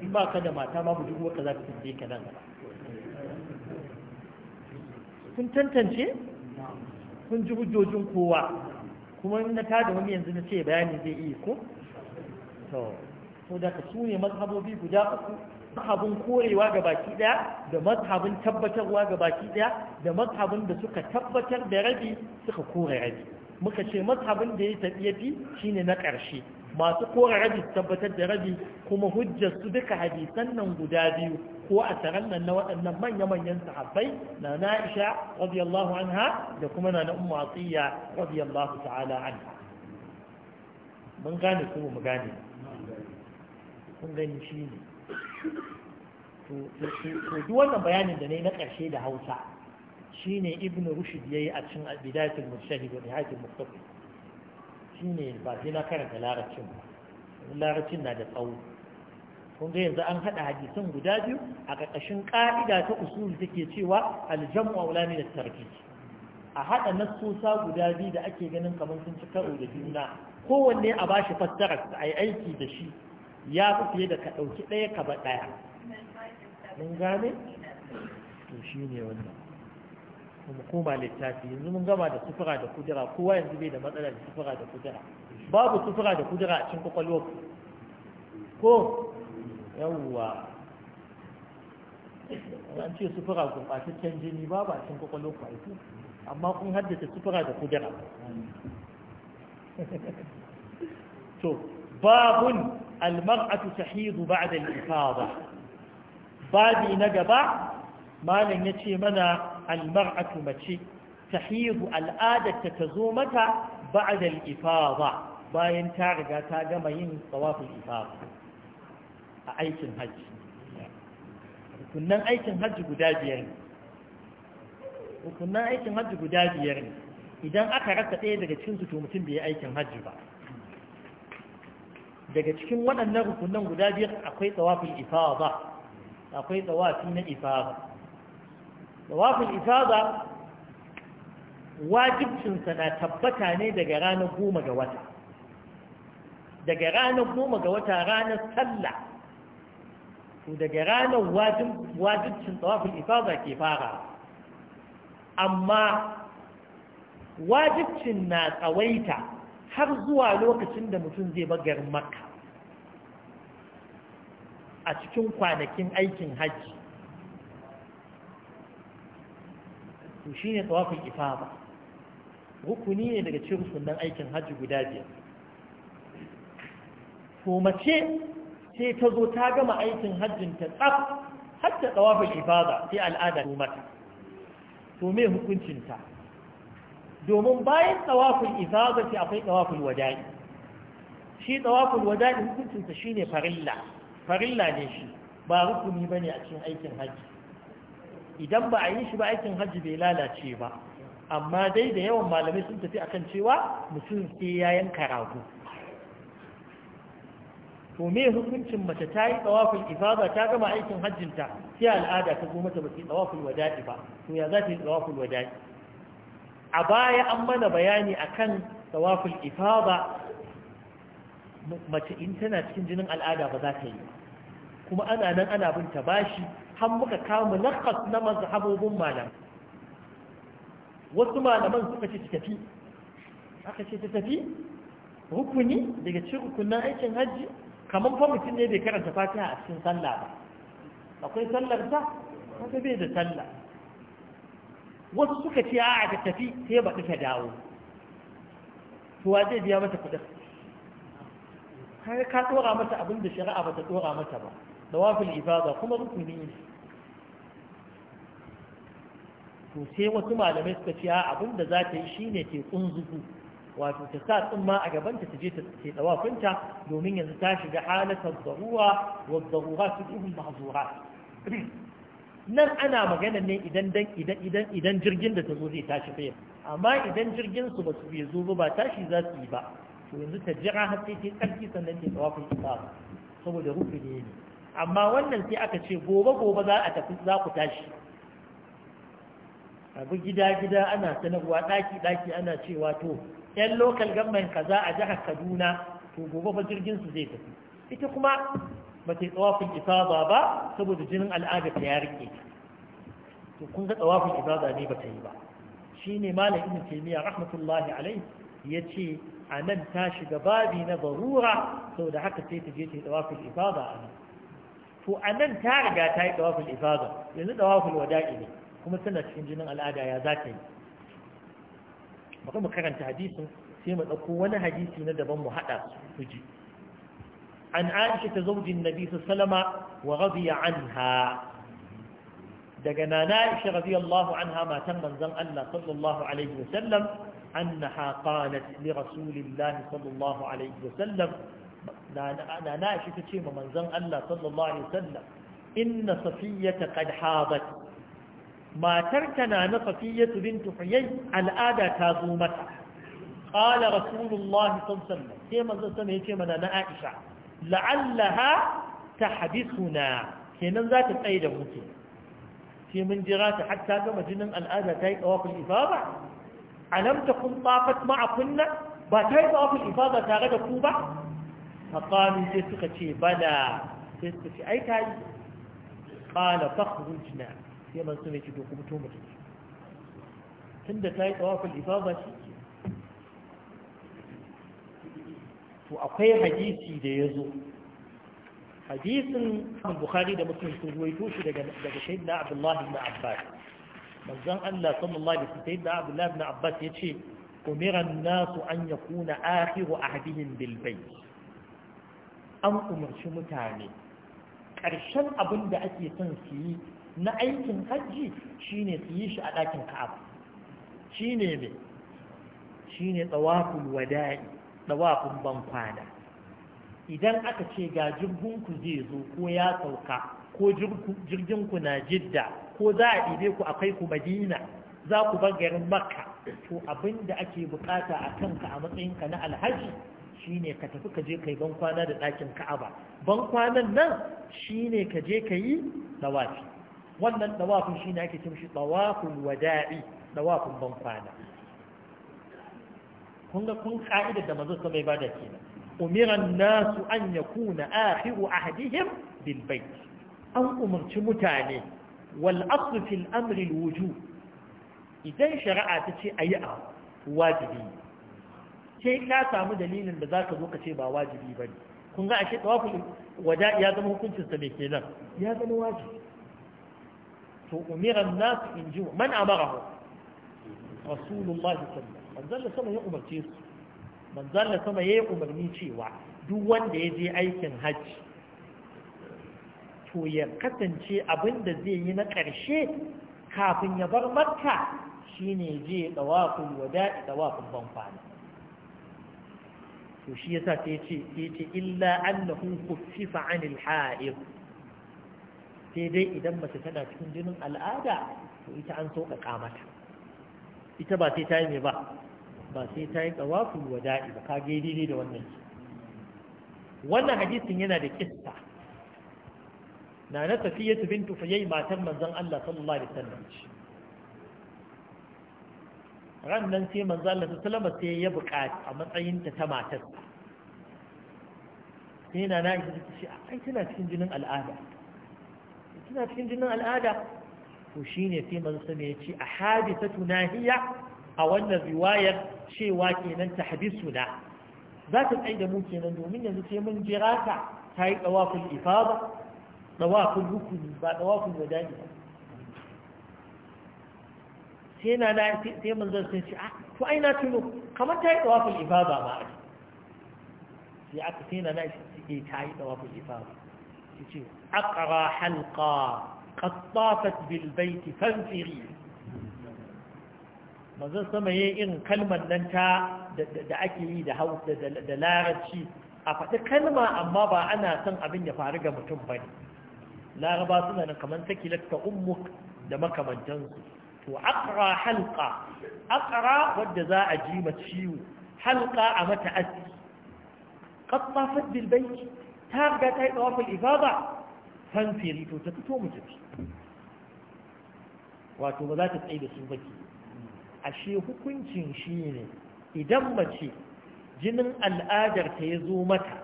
in ba ka da mata ma bu duk za ka tambaye ka nan gaba kun tantance kun ji hujjojin kowa kuma na ta tada wani yanzu na ce bayani zai iya ko to ko da ka su ne mazhabobi guda uku mazhabin korewa ga baki daya da mazhabin tabbatarwa ga baki daya da mazhabin da suka tabbatar da rabi suka kore rabi muka ce mazhabin da ya tafi yafi shine na ƙarshe masu kore rabi tabbatar da rabi kuma hujjar su duka hadisan nan guda biyu ko a taron nan na waɗannan manya-manyan sahabbai na na'isha radiyallahu anha da kuma na ummu atiya radiyallahu ta'ala anha mun gane kuma mu gane kun gani shine to duk wannan bayanin da ne na ƙarshe da hausa shine ibn rushd yayi a cikin bidayatul mujtahid wa nihayatul muqtasid shine ba sai na karanta larabcin ba larabcin na da tsawo kun ga yanzu an haɗa hadisan guda biyu a ƙarƙashin ƙa'ida ta usul take cewa aljamu aula min at-tarkib a haɗa nasusa guda biyu da ake ganin kamar sun ci karo da juna kowanne a bashi fassara a yi aiki da shi ya fi fiye da ka ɗauki ɗaya ka ba ɗaya mun gane to shi ne wannan Kuma koma littafi yanzu mun gama da sufura da kudura kowa yanzu bai da matsala da sufura da kudura babu sufura da kudura a cikin kwakwalwar ko yawwa an ce sufura gurɓataccen jini babu a cikin kwakwalwa ku amma kun haddace sufura da kudura to babun almar'atu tahidu ba'da al-ifada babi na gaba malam ce mana almar'atu mace tahidu al'adarta ta zo mata ba'da al-ifada bayan ta riga ta gama yin tsawafin ifada a aikin hajji rukunan aikin hajji guda biyar ne aikin hajji guda biyar idan aka rasa ɗaya daga cikin su to mutum bai yi aikin hajji ba daga cikin waɗannan rukunan guda biyar akwai tsawafin ifada akwai tsawafi na ifada tsawafin ifada wajibcinsa na tabbata ne daga ranar goma ga wata daga ranar goma ga wata ranar sallah to daga ranar wajibcin tsawafin ifada ke fara amma wajibcin na tsawaita har zuwa lokacin da mutum zai bagar maka a cikin kwanakin aikin hajji to shi ne tsawafin ifaba rukuni ne daga cikin sunan aikin hajji guda biyar to mace sai ta zo ta gama aikin hajjin ta tsaf har ta tsawafin ifaba sai al'ada mata to me hukuncinta domin bayan tsawafin ifadati akwai tsawafin wada'i shi tsawafin wada'i hukuncinsa shi ne farilla farilla ne shi ba rukuni ba ne a cikin aikin hajji idan ba a yi shi ba aikin hajji bai lalace ba amma dai da yawan malamai sun tafi akan cewa mutum sai ya yanka rago to me hukuncin mace ta yi tsawafin ifada ta gama aikin hajjinta sai al'ada ta zo mata ba ta yi tsawafin wada'i ba to ya za ta yi tsawafin wada'i a baya an mana bayani akan tawaful ifada mace in tana cikin jinin al'ada ba za ta yi kuma ana nan ana bin ta bashi har muka kama nakas na mazhabobin malam wasu malaman suka ce ta tafi aka ce ta tafi rukuni daga cikin rukunan aikin hajji kamar fa mutum ne bai karanta fatiha a cikin sallah ba akwai sallar ta kaga bai da sallah wasu suka ce a ta tafi sai ba ka dawo To wa zai biya mata kudin har ka tsora mata abin da shari'a ba ta tsora mata ba da wafin ibada kuma rukuni ne to sai wasu malamai suka ce abin da za ta yi shine ke kunzuku. wato ta sa tsumma a gabanta ta je ta ce dawafinta domin yanzu ta shiga halatar zaruwa wa zarura su ihun mahzura nan ana magana ne idan idan idan idan jirgin da ta zo zai tashi fa amma idan jirgin su ba su bai zo ba tashi za su yi ba to yanzu ta jira har sai ta karki sannan ta tawafin ifada saboda rufe ne ne amma wannan sai aka ce gobe gobe za a tafi za ku tashi abu gida gida ana sanarwa daki daki ana cewa to yan local government kaza a jihar Kaduna to gobe fa jirgin su zai tafi ita kuma ba ta yi tsawafin ifada ba saboda jinin al'ada ta ya rike to kun ga tsawafin ifada ne ba ta yi ba shi ne malam ibn taymiya rahmatullahi alai ya ce a nan ta shiga babi na barura saboda haka sai ta je ta yi tsawafin ifada a nan to a nan ta riga ta yi tsawafin ifada yanzu tsawafin wada'i ne kuma tana cikin jinin al'ada ya za ta yi bari mu karanta hadisin sai mu ɗauko wani hadisi na daban mu haɗa su ji عن عائشة زوج النبي صلى الله عليه وسلم ورضي عنها دقنا نائشة رضي الله عنها ما تم من الله صلى الله عليه وسلم أنها قالت لرسول الله صلى الله عليه وسلم أنا نائشة تشيم من الله صلى الله عليه وسلم إن صفية قد حاضت ما تركنا نصفية بنت حيي الآدى تازومتها قال رسول الله صلى الله عليه وسلم كما زلتم هي كما نائشة la'allaha ta hadisuna kenan za ta tsaye da mutu sai mun jira ta hatta gama jinin al'ada ta yi tsawafin A alam ta kun tsafat ma'akunna ba ta yi tsawafin ifaba tare da ku ba faƙalu sai suka ce bada sai suka ce ai ta yi ƙala fakhrujna sai man suna ce to ku mutu mutu tunda ta yi tsawafin ifaba shi to akwai hadisi da ya zo hadisin bukhari da muslim sun ruwaito shi daga daga sayyidina abdullah ibn abbas manzon Allah sallallahu alaihi wasallam sayyidina Abdullahi na abbas ya ce, an-nasu an yakuna akhiru ahadihim bil bayt an umarci mutane ƙarshen abin da ake son su yi na aikin hajji shine su yi shi a ɗakin ka'aba shine me shine tsawaful wada'i ɗawafin ban kwana idan aka ce ga jirginku zai zo ko ya sauka ko jirgin ku na jidda ko za a ɗibe ku akai ku madina za ku bar garin makka to abin da ake bukata a kanka a matsayinka na alhaji shine ka tafi ka je kai ban kwana da ɗakin ka'aba ban kwanan nan shine ka je ka yi dawafi wannan dawafin shine ake cin shi dawafin wada'i dawafin ban kwana kun ga kun ka'ida da manzo sama ya bada kenan umiran nasu an yakuna akhiru ahdihim bil bait an umarci mutane wal asl fil amri al wujub idan shari'a ta ce ayi a wajibi sai ka samu dalilin da zaka zo ka ce ba wajibi bane kun ga ashe tawaful wada ya zama hukuncin sa me kenan ya zama wajibi to umiran nasu in ji man amarahu rasulullah sallallahu alaihi wasallam manzon da sama ya umarce su manzon da sama ya yi umarni cewa duk wanda ya je aikin hajji to ya kasance abin da zai yi na ƙarshe kafin ya bar makka shine je daɗi wada'i dawaful banfana to shi yasa sai ce sai ce illa annahu kuffifa anil ha'ir sai dai idan mace tana cikin jinin al'ada to ita an sauƙaƙa mata ita ba sai ta yi mai ba ba sai ta yi tsawafin wada'i ba ka gai daidai da wannan wannan hadisin yana da kista. na na safiya tu bintu fayai matan manzon Allah sallallahu alaihi wasallam ran nan sai manzan Allah sallallahu alaihi sai ya buƙaci a matsayin ta ta matar sai na na ita ta ce ai tana cikin jinin al'ada tana cikin jinin al'ada to shi ne sai manzo sama ya ce a hadisatu Tunahiya a wannan riwayar cewa kenan ta na? za ta tsaye da mu kenan domin yanzu sai mun jira ta ta yi tsawafin ifada tsawafin rukuni ba tsawafin wadani ba sai na na sai mun zan sun ce a, ah, to ai na tuno kamar ta yi tsawafin ifada ba a sai aka sai na na sai eh, ta yi tsawafin ifada ce aqra halqa قد طافت بالبيت فانفري manzon sama yayi irin kalmar nan ta da ake yi da hausa da larabci a faɗi kalma amma ba ana son abin ya faru ga mutum ba ne laraba suna nan kamar sakilatta ummuk da makamantansu to akra halka akra wadda za a ji ma ciwo halka a mata aski qattafat bil ta riga ta yi ibada fanfiri to ta fito mu tafi wato ba za ta tsaye da su baki ashe hukuncin shi ne idan mace jinin al'adar ta ya zo mata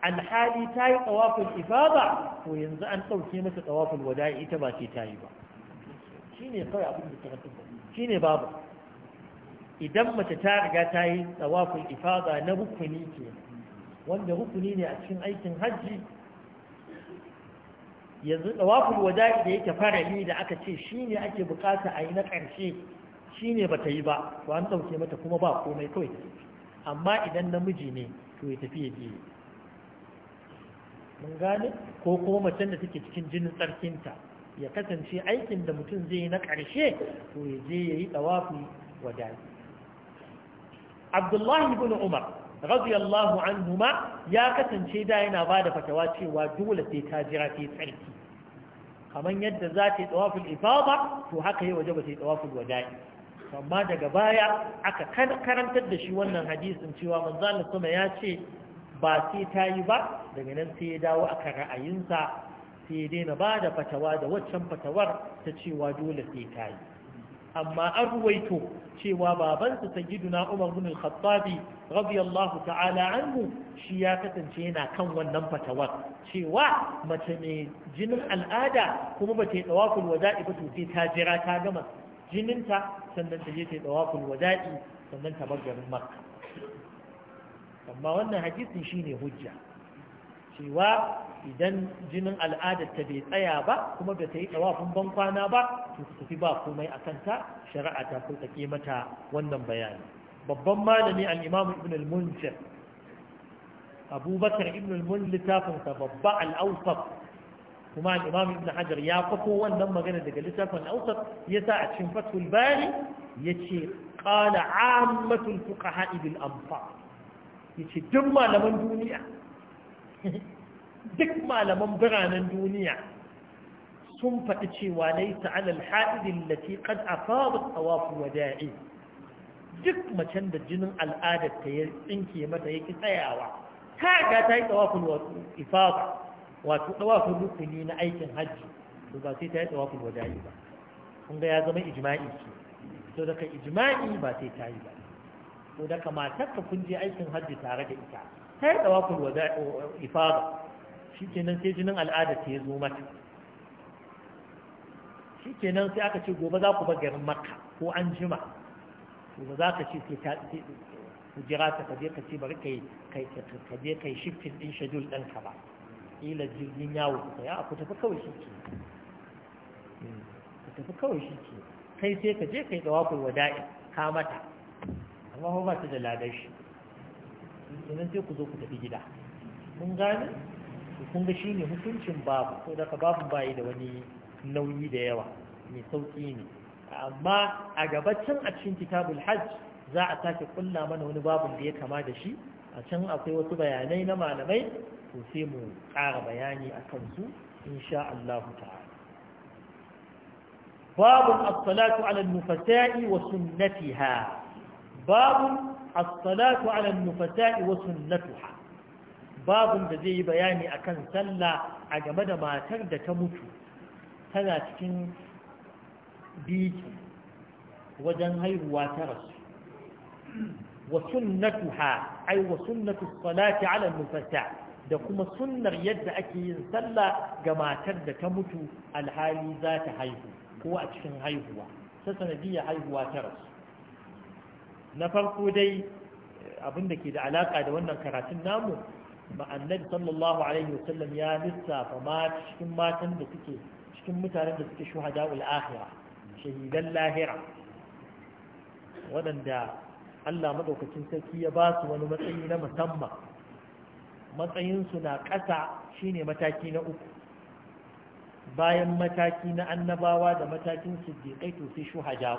alhali ta yi tsawafin ifaba to yanzu an ɗauke mata tsawafin wada'i ita ba ce ta yi ba shi ne kawai abin da ta shi ne babu idan mace ta riga ta yi tsawafin ifaba na rukuni ke wanda rukuni ne a cikin aikin hajji yanzu tsawafin waje da yake farali da aka ce shi ne ake bukata a yi na ƙarshe shi ne ba ta yi ba to an ɗauke mata kuma ba komai kawai ta amma idan namiji ne to ya tafi ya je mun gane ko kuma macen da take cikin jinin tsarkinta ya kasance aikin da mutum zai yi na ƙarshe to ya je ya yi tsawafi wada'i abdullahi ibn umar radiyallahu ma ya kasance da yana ba da fatawa cewa dole sai ta jira sai tsarki kamar yadda za ta yi tsawafin ifada to haka yi waje ba ta yi tsawafin wada'i amma daga baya aka karantar da shi wannan hadisin cewa manzana sama ya ce ba sai ta yi ba daga nan sai ya dawo aka ra'ayinsa sai ya daina ba da fatawa da waccan fatawar ta cewa dole sai ta yi amma an ruwaito cewa babansa sayyiduna Umar bin Al-Khattabi radiyallahu ta'ala anhu shi ya kasance yana kan wannan fatawar cewa mace mai jinin al'ada kuma ba ta yi dawakul wada'i ba to sai ta jira ta gama jininta sannan ta je ta yi dawakul wada'i sannan ta bar garin Makka amma wannan hadisin shine hujja cewa idan jinin al'adar ta bai tsaya ba kuma da ta yi tsawafin ban kwana ba to su tafi ba komai a kanta shari'a ta sauƙaƙe mata wannan bayani babban malami al ibn al-munzir abubakar ibn al-munzir littafinsa babba al kuma al ibn hajar ya fako wannan magana daga littafin al yasa a cikin fatul bari yace qala ammatul fuqaha bil amfa ce duk malaman duniya duk malaman biranen duniya sun faɗi cewa laisa alal ha'idin lati qad afadat tawafu wada'i duk macen da jinin al'adar ta ya tsinke mata yake tsayawa ta ga ta yi tawaful ifada wato tawaful rukuni na aikin hajji to ba sai ta yi tawaful wada'i ba kun ga ya zama ijma'i ce to daga ijma'i ba sai ta yi ba to daga matar ka kun je aikin hajji tare da ita ta yi tawaful wada'i ifada shikenan sai jinin al'ada ta ya zo mata shikenan sai aka ce gobe za ku bar garin makka ko an jima to ba za ka ce sai ta ku jira ta kaje ka ce bari kai kai ka je kai shiftin din schedule din ka ba ila jirgin yawo ka ya ku tafi kawai shi ke ku tafi kawai shi ke kai sai ka je kai dawa ku wada'i ka mata amma ba ta da ladar shi sai ku zo ku tafi gida mun gane kun ga shine hukuncin babu ko da babu bai da wani nauyi da yawa mai sauki ne amma a gabacin a cikin kitabul hajj za a sake kulla mana wani babun da ya kama da shi a can akwai wasu bayanai na malamai to sai mu ƙara bayani a kansu insha Allah ta'ala babun as-salatu 'ala an-nufasa'i wa sunnatiha babun as-salatu 'ala an-nufasa'i wa sunnatuha babin da zai yi bayani akan sallah a game da matar da ta mutu tana cikin biki wajen haihuwa ta rasu wa sunnatuha ai wa sunnatu salati ala mufata da kuma sunnar yadda ake yin sallah ga matar da ta mutu alhali za ta haihu ko a cikin haihuwa ta sanadiyar haihuwa ta rasu na farko dai eh, abinda ke da alaka da wannan karatun namu ma'annabi sallallahu alaihi sallam ya lissafa ma cikin matan da suke cikin mutanen da suke shuhada ul'ahira shahidan lahira waɗanda Allah maɗaukacin sarki ya ba su wani matsayi na musamman matsayinsu na ƙasa shine mataki na uku bayan mataki na annabawa da matakin siddiƙai to sai shuhada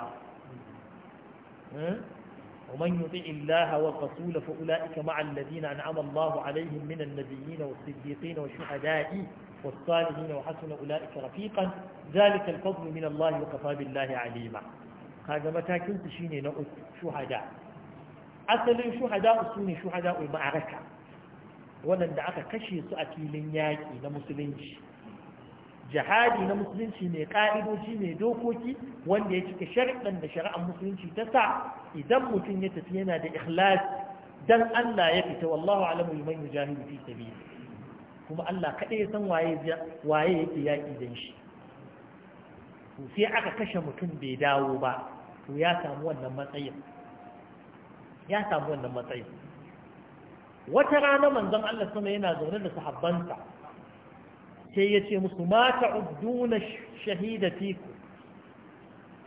hmm? ومن يطع الله والرسول فأولئك مع الذين أنعم الله عليهم من النبيين والصديقين والشهداء والصالحين وحسن أولئك رفيقا ذلك الفضل من الله وكفى بالله عليما هذا متى كنت شيني نقول شهداء أصل شهداء سوني شهداء المعركة ولن دعك كشي سأكيل ياكي لمسلمين jihadi na musulunci mai ƙa'idoji mai dokoki wanda ya cika shari'an da shari'ar musulunci ta sa idan mutum ya tafi yana da ikhlas dan Allah ya fita wallahu alamu liman yujahidu fi sabili kuma Allah kaɗai ya san waye waye yake yaƙi dan shi to sai aka kashe mutum bai dawo ba to ya samu wannan matsayin ya samu wannan matsayin wata rana manzon Allah sama yana zaune da sahabbansa sai ya ce musu mata ta'udduna shahida fiku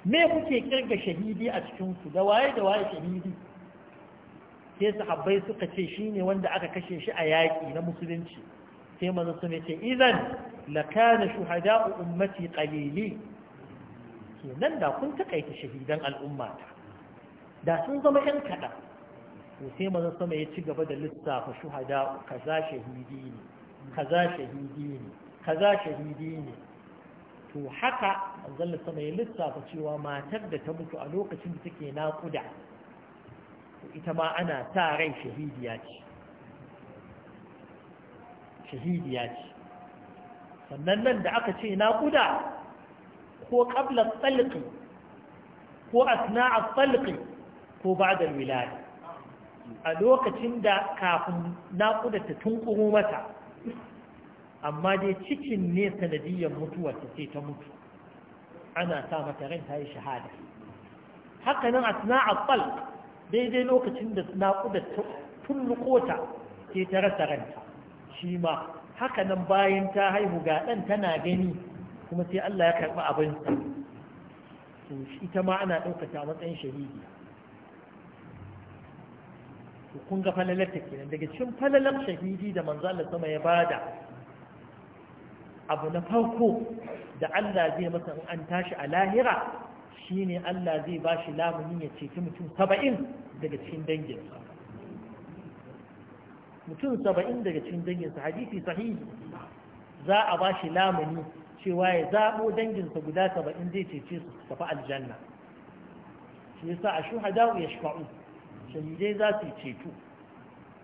me kuke kirga shahidi a cikin da waye da waye shahidi sai sahabbai suka ce shine wanda aka kashe shi a yaƙi na musulunci sai manzo sun ce idan lakana shuhada'u ummati qalili kenan da kun takaita shahidan al'ummata da sun zama yan kada to sai manzo sama ya ci gaba da lissafa shuhada kaza shahidi ne kaza shahidi ne kaza shahidi ne to haka manzon sama ya lissafa cewa matar da ta mutu a lokacin da take naƙuda ita ma ana sa rai shahidiya ce shahidiya ce sannan nan da aka ce naƙuda ko ƙablar tsalƙi ko asna'ar tsalƙi ko ba da a lokacin da kafin naƙuda ta tunkuru mata amma dai cikin ne sanadiyyar mutuwarta sai ta mutu ana sa mata ran ta yi shahada haka nan a suna a daidai lokacin da naƙuda tullukota sai ta rasa ranta shi ma haka nan bayan ta haihu ga ɗan tana gani kuma sai Allah ya karɓi abinsa ita ma ana ɗaukata matsayin shahidi kun ga falalar ta kenan daga cikin falalar shahidi da manzo Allah sama ya bada abu na farko da Allah zai masa in an tashi a lahira shine Allah zai ba shi lamunin ya ceci mutum saba'in daga cikin danginsa mutum saba'in daga cikin danginsa hadisi sahihi za a ba shi lamuni cewa ya zaɓo danginsa guda saba'in zai cece su tafi aljanna shi yasa a shuhada ya shafa'u shahidai za su ceto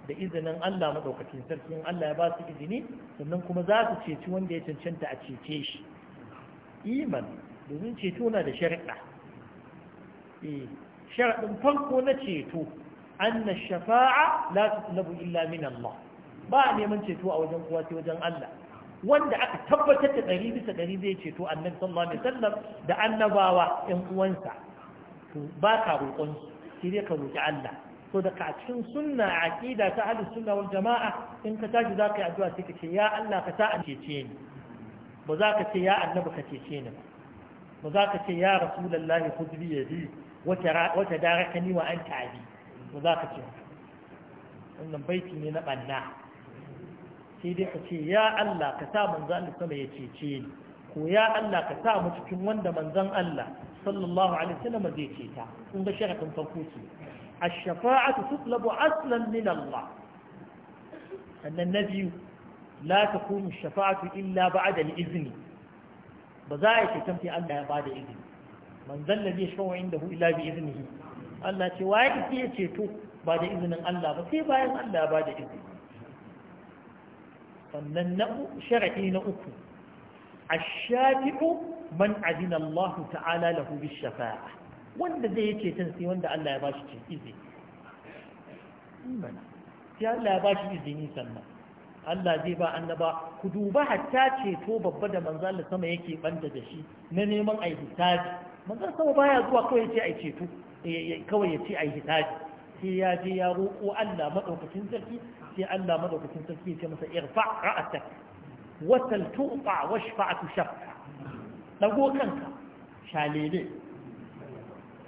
da izinin Allah madaukakin sarki in Allah ya ba su izini sannan kuma za su ceci wanda ya cancanta a cece shi iman domin ceto na da shari'a eh sharaɗin farko na ceto anna shafa'a la tutlabu illa min Allah ba neman ceto a wajen kowa sai wajen Allah wanda aka tabbatar da ɗari bisa ɗari zai ceto annabi sallallahu alaihi wasallam da annabawa ƴan uwansa to ba ka roƙon shi sai dai ka roƙi Allah so da cikin sunna aqida ta ahli sunna wal jama'a in ka tashi za ka yi addu'a sai ka ce ya Allah ka sa an cece ni ba za ka ce ya annabi ka cece ni ba za ka ce ya rasulullahi khudh bi yadi wata darakani wa an tabi ba za ka ce wannan baiti ne na banna sai dai ka ce ya Allah ka sa manzo Allah sama ya cece ni ko ya Allah ka sa mu cikin wanda manzon Allah sallallahu alaihi wasallam zai ce ta kun ga sharafin farko ce الشفاعة تطلب أصلا من الله أن النبي لا تكون الشفاعة إلا بعد الإذن بذلك في الله بعد إذن من ذا الذي يشفع عنده إلا بإذنه الله تواعد يتيتو بعد إذن الله وفي بعد الله بعد إذن فمن شرعين أكو الشافع من أذن الله تعالى له بالشفاعة wanda zai yi ceton sai wanda Allah ya bashi ce izini sai Allah ya bashi izini sannan Allah zai ba annaba ku duba hatta ceto babba da manzo Allah sama yake banda da shi na neman ai hisabi manzo sama baya zuwa kawai ya ce ai ceto kawai ya ce ai hisabi sai ya je ya roƙo Allah madaukakin sarki sai Allah madaukakin sarki ya ce masa irfa ra'atak wa tal tuqa washfa'atu shaf dago kanka shalele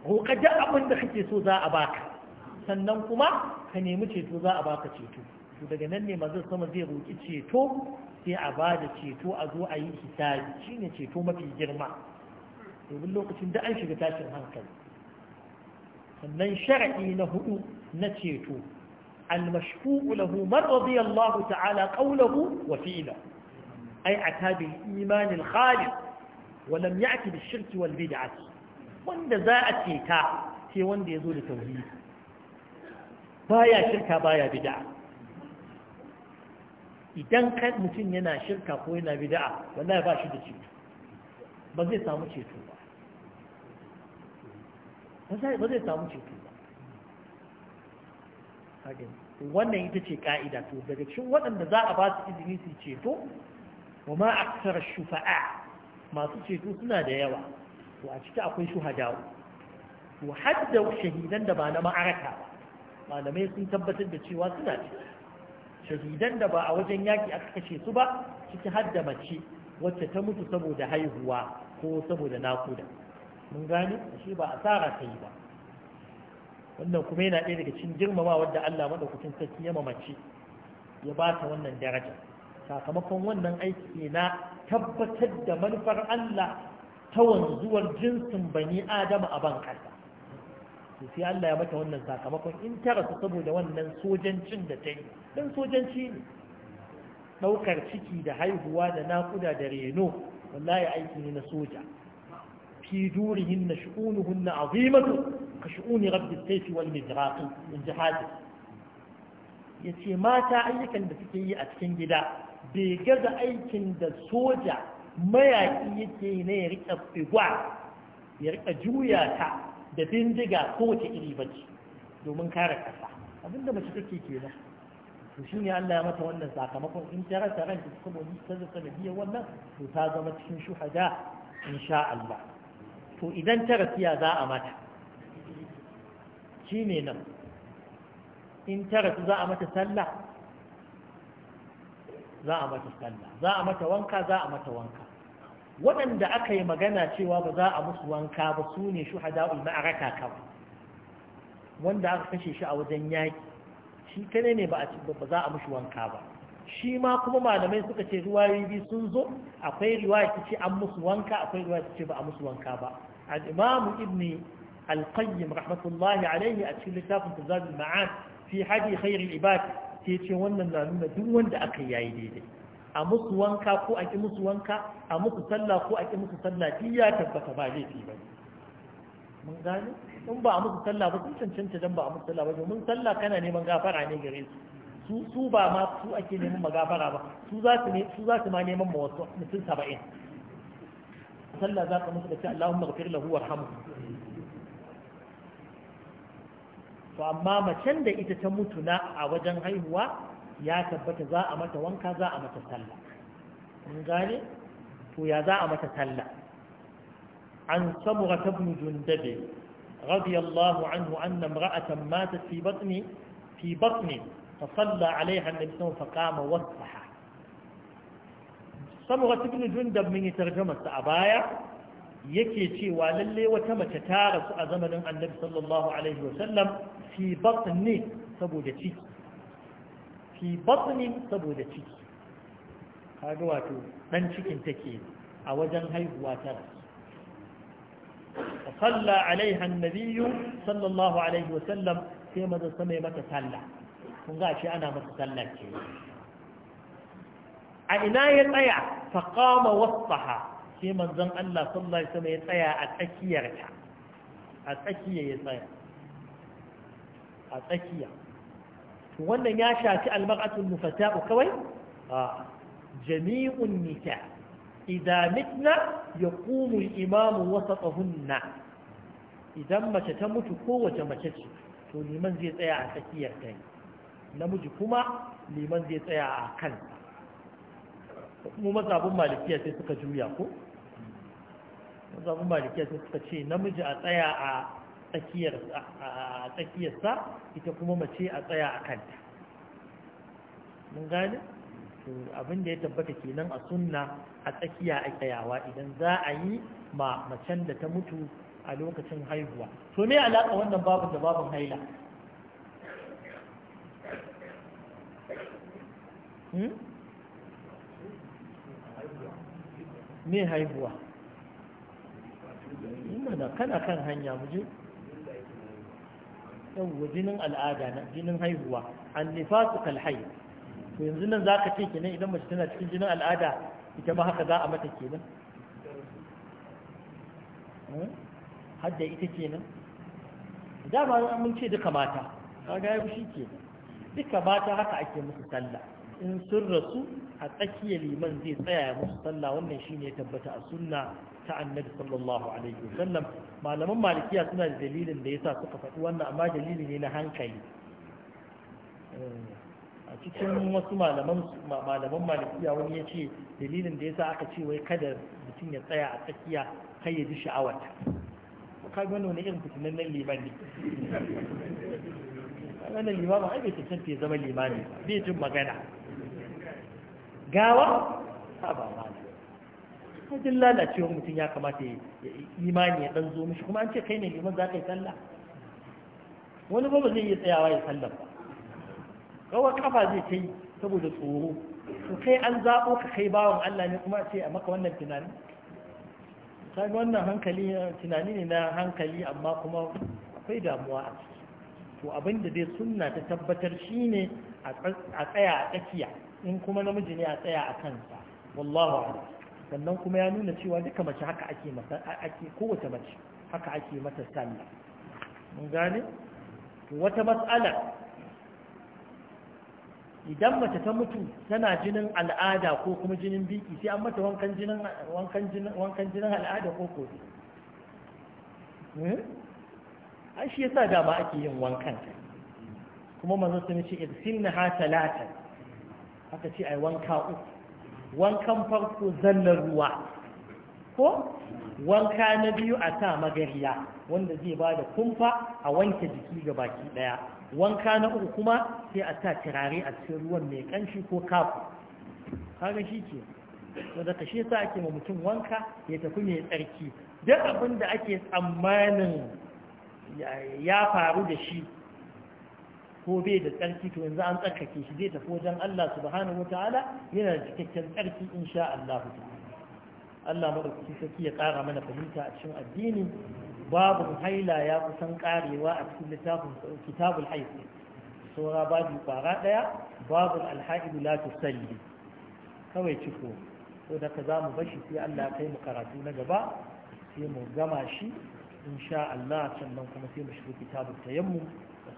roƙa duk abin da kake so za a baka sannan kuma ka nemi ceto za a baka ceto to daga nan ne mazan sama zai roki ceto sai a ba da ceto a zo a yi shi shine ceto mafi girma domin lokacin da an shiga tashin hankali sannan shara'i na hudu na ceto المشفوع له من رضي الله تعالى قوله وفعله أي أتى بالإيمان الخالص ولم shirki بالشرك والبدعة wanda za a ta ce wanda ya zo da tauri baya shirka baya bid'a idan kan mutum yana shirka ko yana bid'a wallahi ba shi da ceto ba zai samu ceto ba ba zai samu ceto ba wannan ita ce ka'ida to daga cikin waɗanda za a ba su izini su ceto wa ma aksar shufa'a masu ceto suna da yawa a ciki akwai shuhada to hadda shahidan da ba na ma'araka ba malamai sun tabbatar da cewa suna ciki shahidan da ba a wajen yaki aka kashe su ba ciki hadda mace wacce ta mutu saboda haihuwa ko saboda nakuda mun gane shi ba asara ta yi ba wannan kuma yana ɗaya daga cikin girmama wadda Allah maɗaukacin sarki ya mamace ya ba ta wannan daraja sakamakon wannan aiki na tabbatar da manufar Allah ta wanzuwar jinsin bani adama a ban ƙasa to sai Allah ya mata wannan sakamakon in ta rasu saboda wannan sojancin da ta yi dan sojanci ne ɗaukar ciki da haihuwa da naƙuda da reno wallahi aiki ne na soja fi durihin na shi'unuhun na azimatu ka shi'uni rabbi saifi wal mizraqi in ji ya ce mata ayyukan da suke yi a cikin gida bai gaza aikin da soja mayaƙi yake ne ya riƙa figwa ya riƙa juya ta da bindiga kowace iri bacci domin kare ƙasa abinda mace take kenan to shi ne Allah ya mata wannan sakamakon in ta rasa ranta saboda ta rasa biyar wannan to ta zama cikin shuhada insha Allah to idan ta rasiya za a mata shi ne nan in ta rasu za a mata sallah za a mata sallah za a mata wanka za a mata wanka waɗanda aka yi magana cewa ba za a musu wanka ba su ne shuhada'ul ma'araka kawai wanda aka kashe shi a wajen yaki shi kane ne ba za a musu wanka ba shi ma kuma malamai suka ce ruwayoyi biyu sun zo akwai riwaya ta ce an musu wanka akwai riwaya ta ce ba a musu wanka ba al-imam ibn al-qayyim rahmatullahi alayhi a cikin littafin tazabul ma'ad fi hadi khair ibad sai ce wannan na nuna duk wanda aka yayi daidai a musu wanka ko a ƙi musu wanka a musu sallah ko a ƙi musu sallah duk ya tabbata ba zai fi ba mun gane in ba a musu sallah ba sun cancanta dan ba a musu sallah ba domin sallah kana neman gafara ne gare su su su ba ma su ake neman magafara ba su za su ne su za su ma neman ma wasu mutum saba'in sallah za ka musu da ce Allahumma ghfir lahu warhamhu to amma macen da ita ta mutu na a wajen haihuwa ya tabbata za a mata wanka za a mata sallah mun gane to ya za a mata sallah an samura tabnu jundabe radiyallahu anhu anna imra'atan matat fi batni fi batni فصلى عليها النبي صلى الله عليه وسلم فقام وصحها samura cikin jundab mun yi tarjamarsa a baya yake cewa lalle wata mace ta rasu a zamanin annabi sallallahu alaihi wasallam fi batni saboda ciki fi batsinin saboda ciki kaga wato ɗan cikin take a wajen haihuwa tara a salla alaihan nabiyu sallallahu sai maza sama mata salla kun ga ce ana mata salla ce a ina ya tsaya ta kama wasaha sai manzan Allah sallallahu alaihi ya tsaya a tsakiyarta a tsakiya ya tsaya a tsakiya wannan ya shafi almar'atul mufata'u kawai jami'un nisa idza mitna yaqumu al-imam wasatahunna idan mace ta mutu kowace mace ce to liman zai tsaya a tsakiyar ta namiji kuma liman zai tsaya a kan kuma mazabun malikiya sai suka juya ko mazabun malikiya sai suka ce namiji a tsaya a tsakiyarsa ita kuma mace a tsaya a kanta mun gane abin da ya tabbata kenan a sunna a tsakiya a tsayawa idan za a yi ma macen da ta mutu a lokacin haihuwa to me alaƙa wannan babin da babin haila hmm? me haihuwa kana kan hanya muje yawwa jinin al'ada na jinin haihuwa annifasu kalhai to yanzu nan za ka ce kenan idan mace tana cikin jinin al'ada ita ma haka za a mata kenan hmm? hadda ita kenan dama mun ce duka mata kaga ya shi kenan duka mata haka ake musu sallah in sun rasu a tsakiyar liman zai tsaya ya musu sallah wannan shine ya tabbata a sunna ta annabi sallallahu alaihi wasallam malaman malikiya suna da dalilin da yasa suka faɗi wannan amma dalili ne na hankali eh, a cikin wasu malaman malaman malikiya wani ya ce dalilin da yasa aka ce wai kada mutum ya tsaya a tsakiya kai ya ji sha'awata ka gano wani irin fitinan nan liman ne wannan limamin ai bai cancanta zama limami bai jin magana gawa ba ba mana hajjin lalacewar mutum ya kamata ya imani ya ɗan zo mishi kuma an ce kai ne liman za ka yi tsalla wani ba zai iya tsayawa ya sallah ba kawai kafa zai kai saboda tsoro to kai an zaɓo ka kai bawan Allah ne kuma ce a maka wannan tunani kaga wannan hankali tunani ne na hankali amma kuma akwai damuwa a ciki to abinda dai sunna ta tabbatar shine a tsaya a tsakiya in kuma namiji ne a tsaya a kansa wallahu a'lam sannan kuma ya nuna cewa duka mace haka ake mata ake kowace mace haka ake mata sallah mun gane wata mas'ala idan mace ta mutu tana jinin al'ada ko kuma jinin biki sai an mata wankan jinin wankan jinin wankan jinin al'ada ko ko eh? ai shi yasa da ba ake yin wankan kuma manzo sun ce idsinna ha talatan aka ce ai wanka uku wankan farko zanna ruwa ko wanka na biyu a sa magariya wanda zai ba da kumfa a wanke jiki ga baki daya wanka na uku kuma sai a sa turare a cikin ruwan mai kanshi ko kafu kaga shi ke wanda ka shi sa ake ma mutum wanka ya tafi mai tsarki duk abin da ake tsammanin ya faru da shi ko bai da tsarki to yanzu an tsarkake shi zai tafi wajen Allah subhanahu yana da cikakken tsarki insha Allah ta'ala Allah madaukaki sarki ya ƙara mana fahimta a cikin addini babu haila ya kusan karewa a cikin littafin kitabul haif saura babu kwara ɗaya babu alha'idu la tusalli kawai ciko to da ka zamu bashi sai Allah ya kai mu karatu na gaba sai mu gama shi insha Allah sannan kuma sai mu shiga kitabul tayammum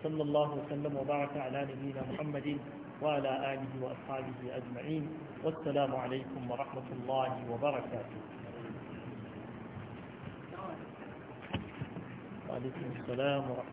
وصلى الله وسلم وبارك على نبينا محمد وعلى آله وأصحابه أجمعين والسلام عليكم ورحمة الله وبركاته وعليكم السلام ورحمة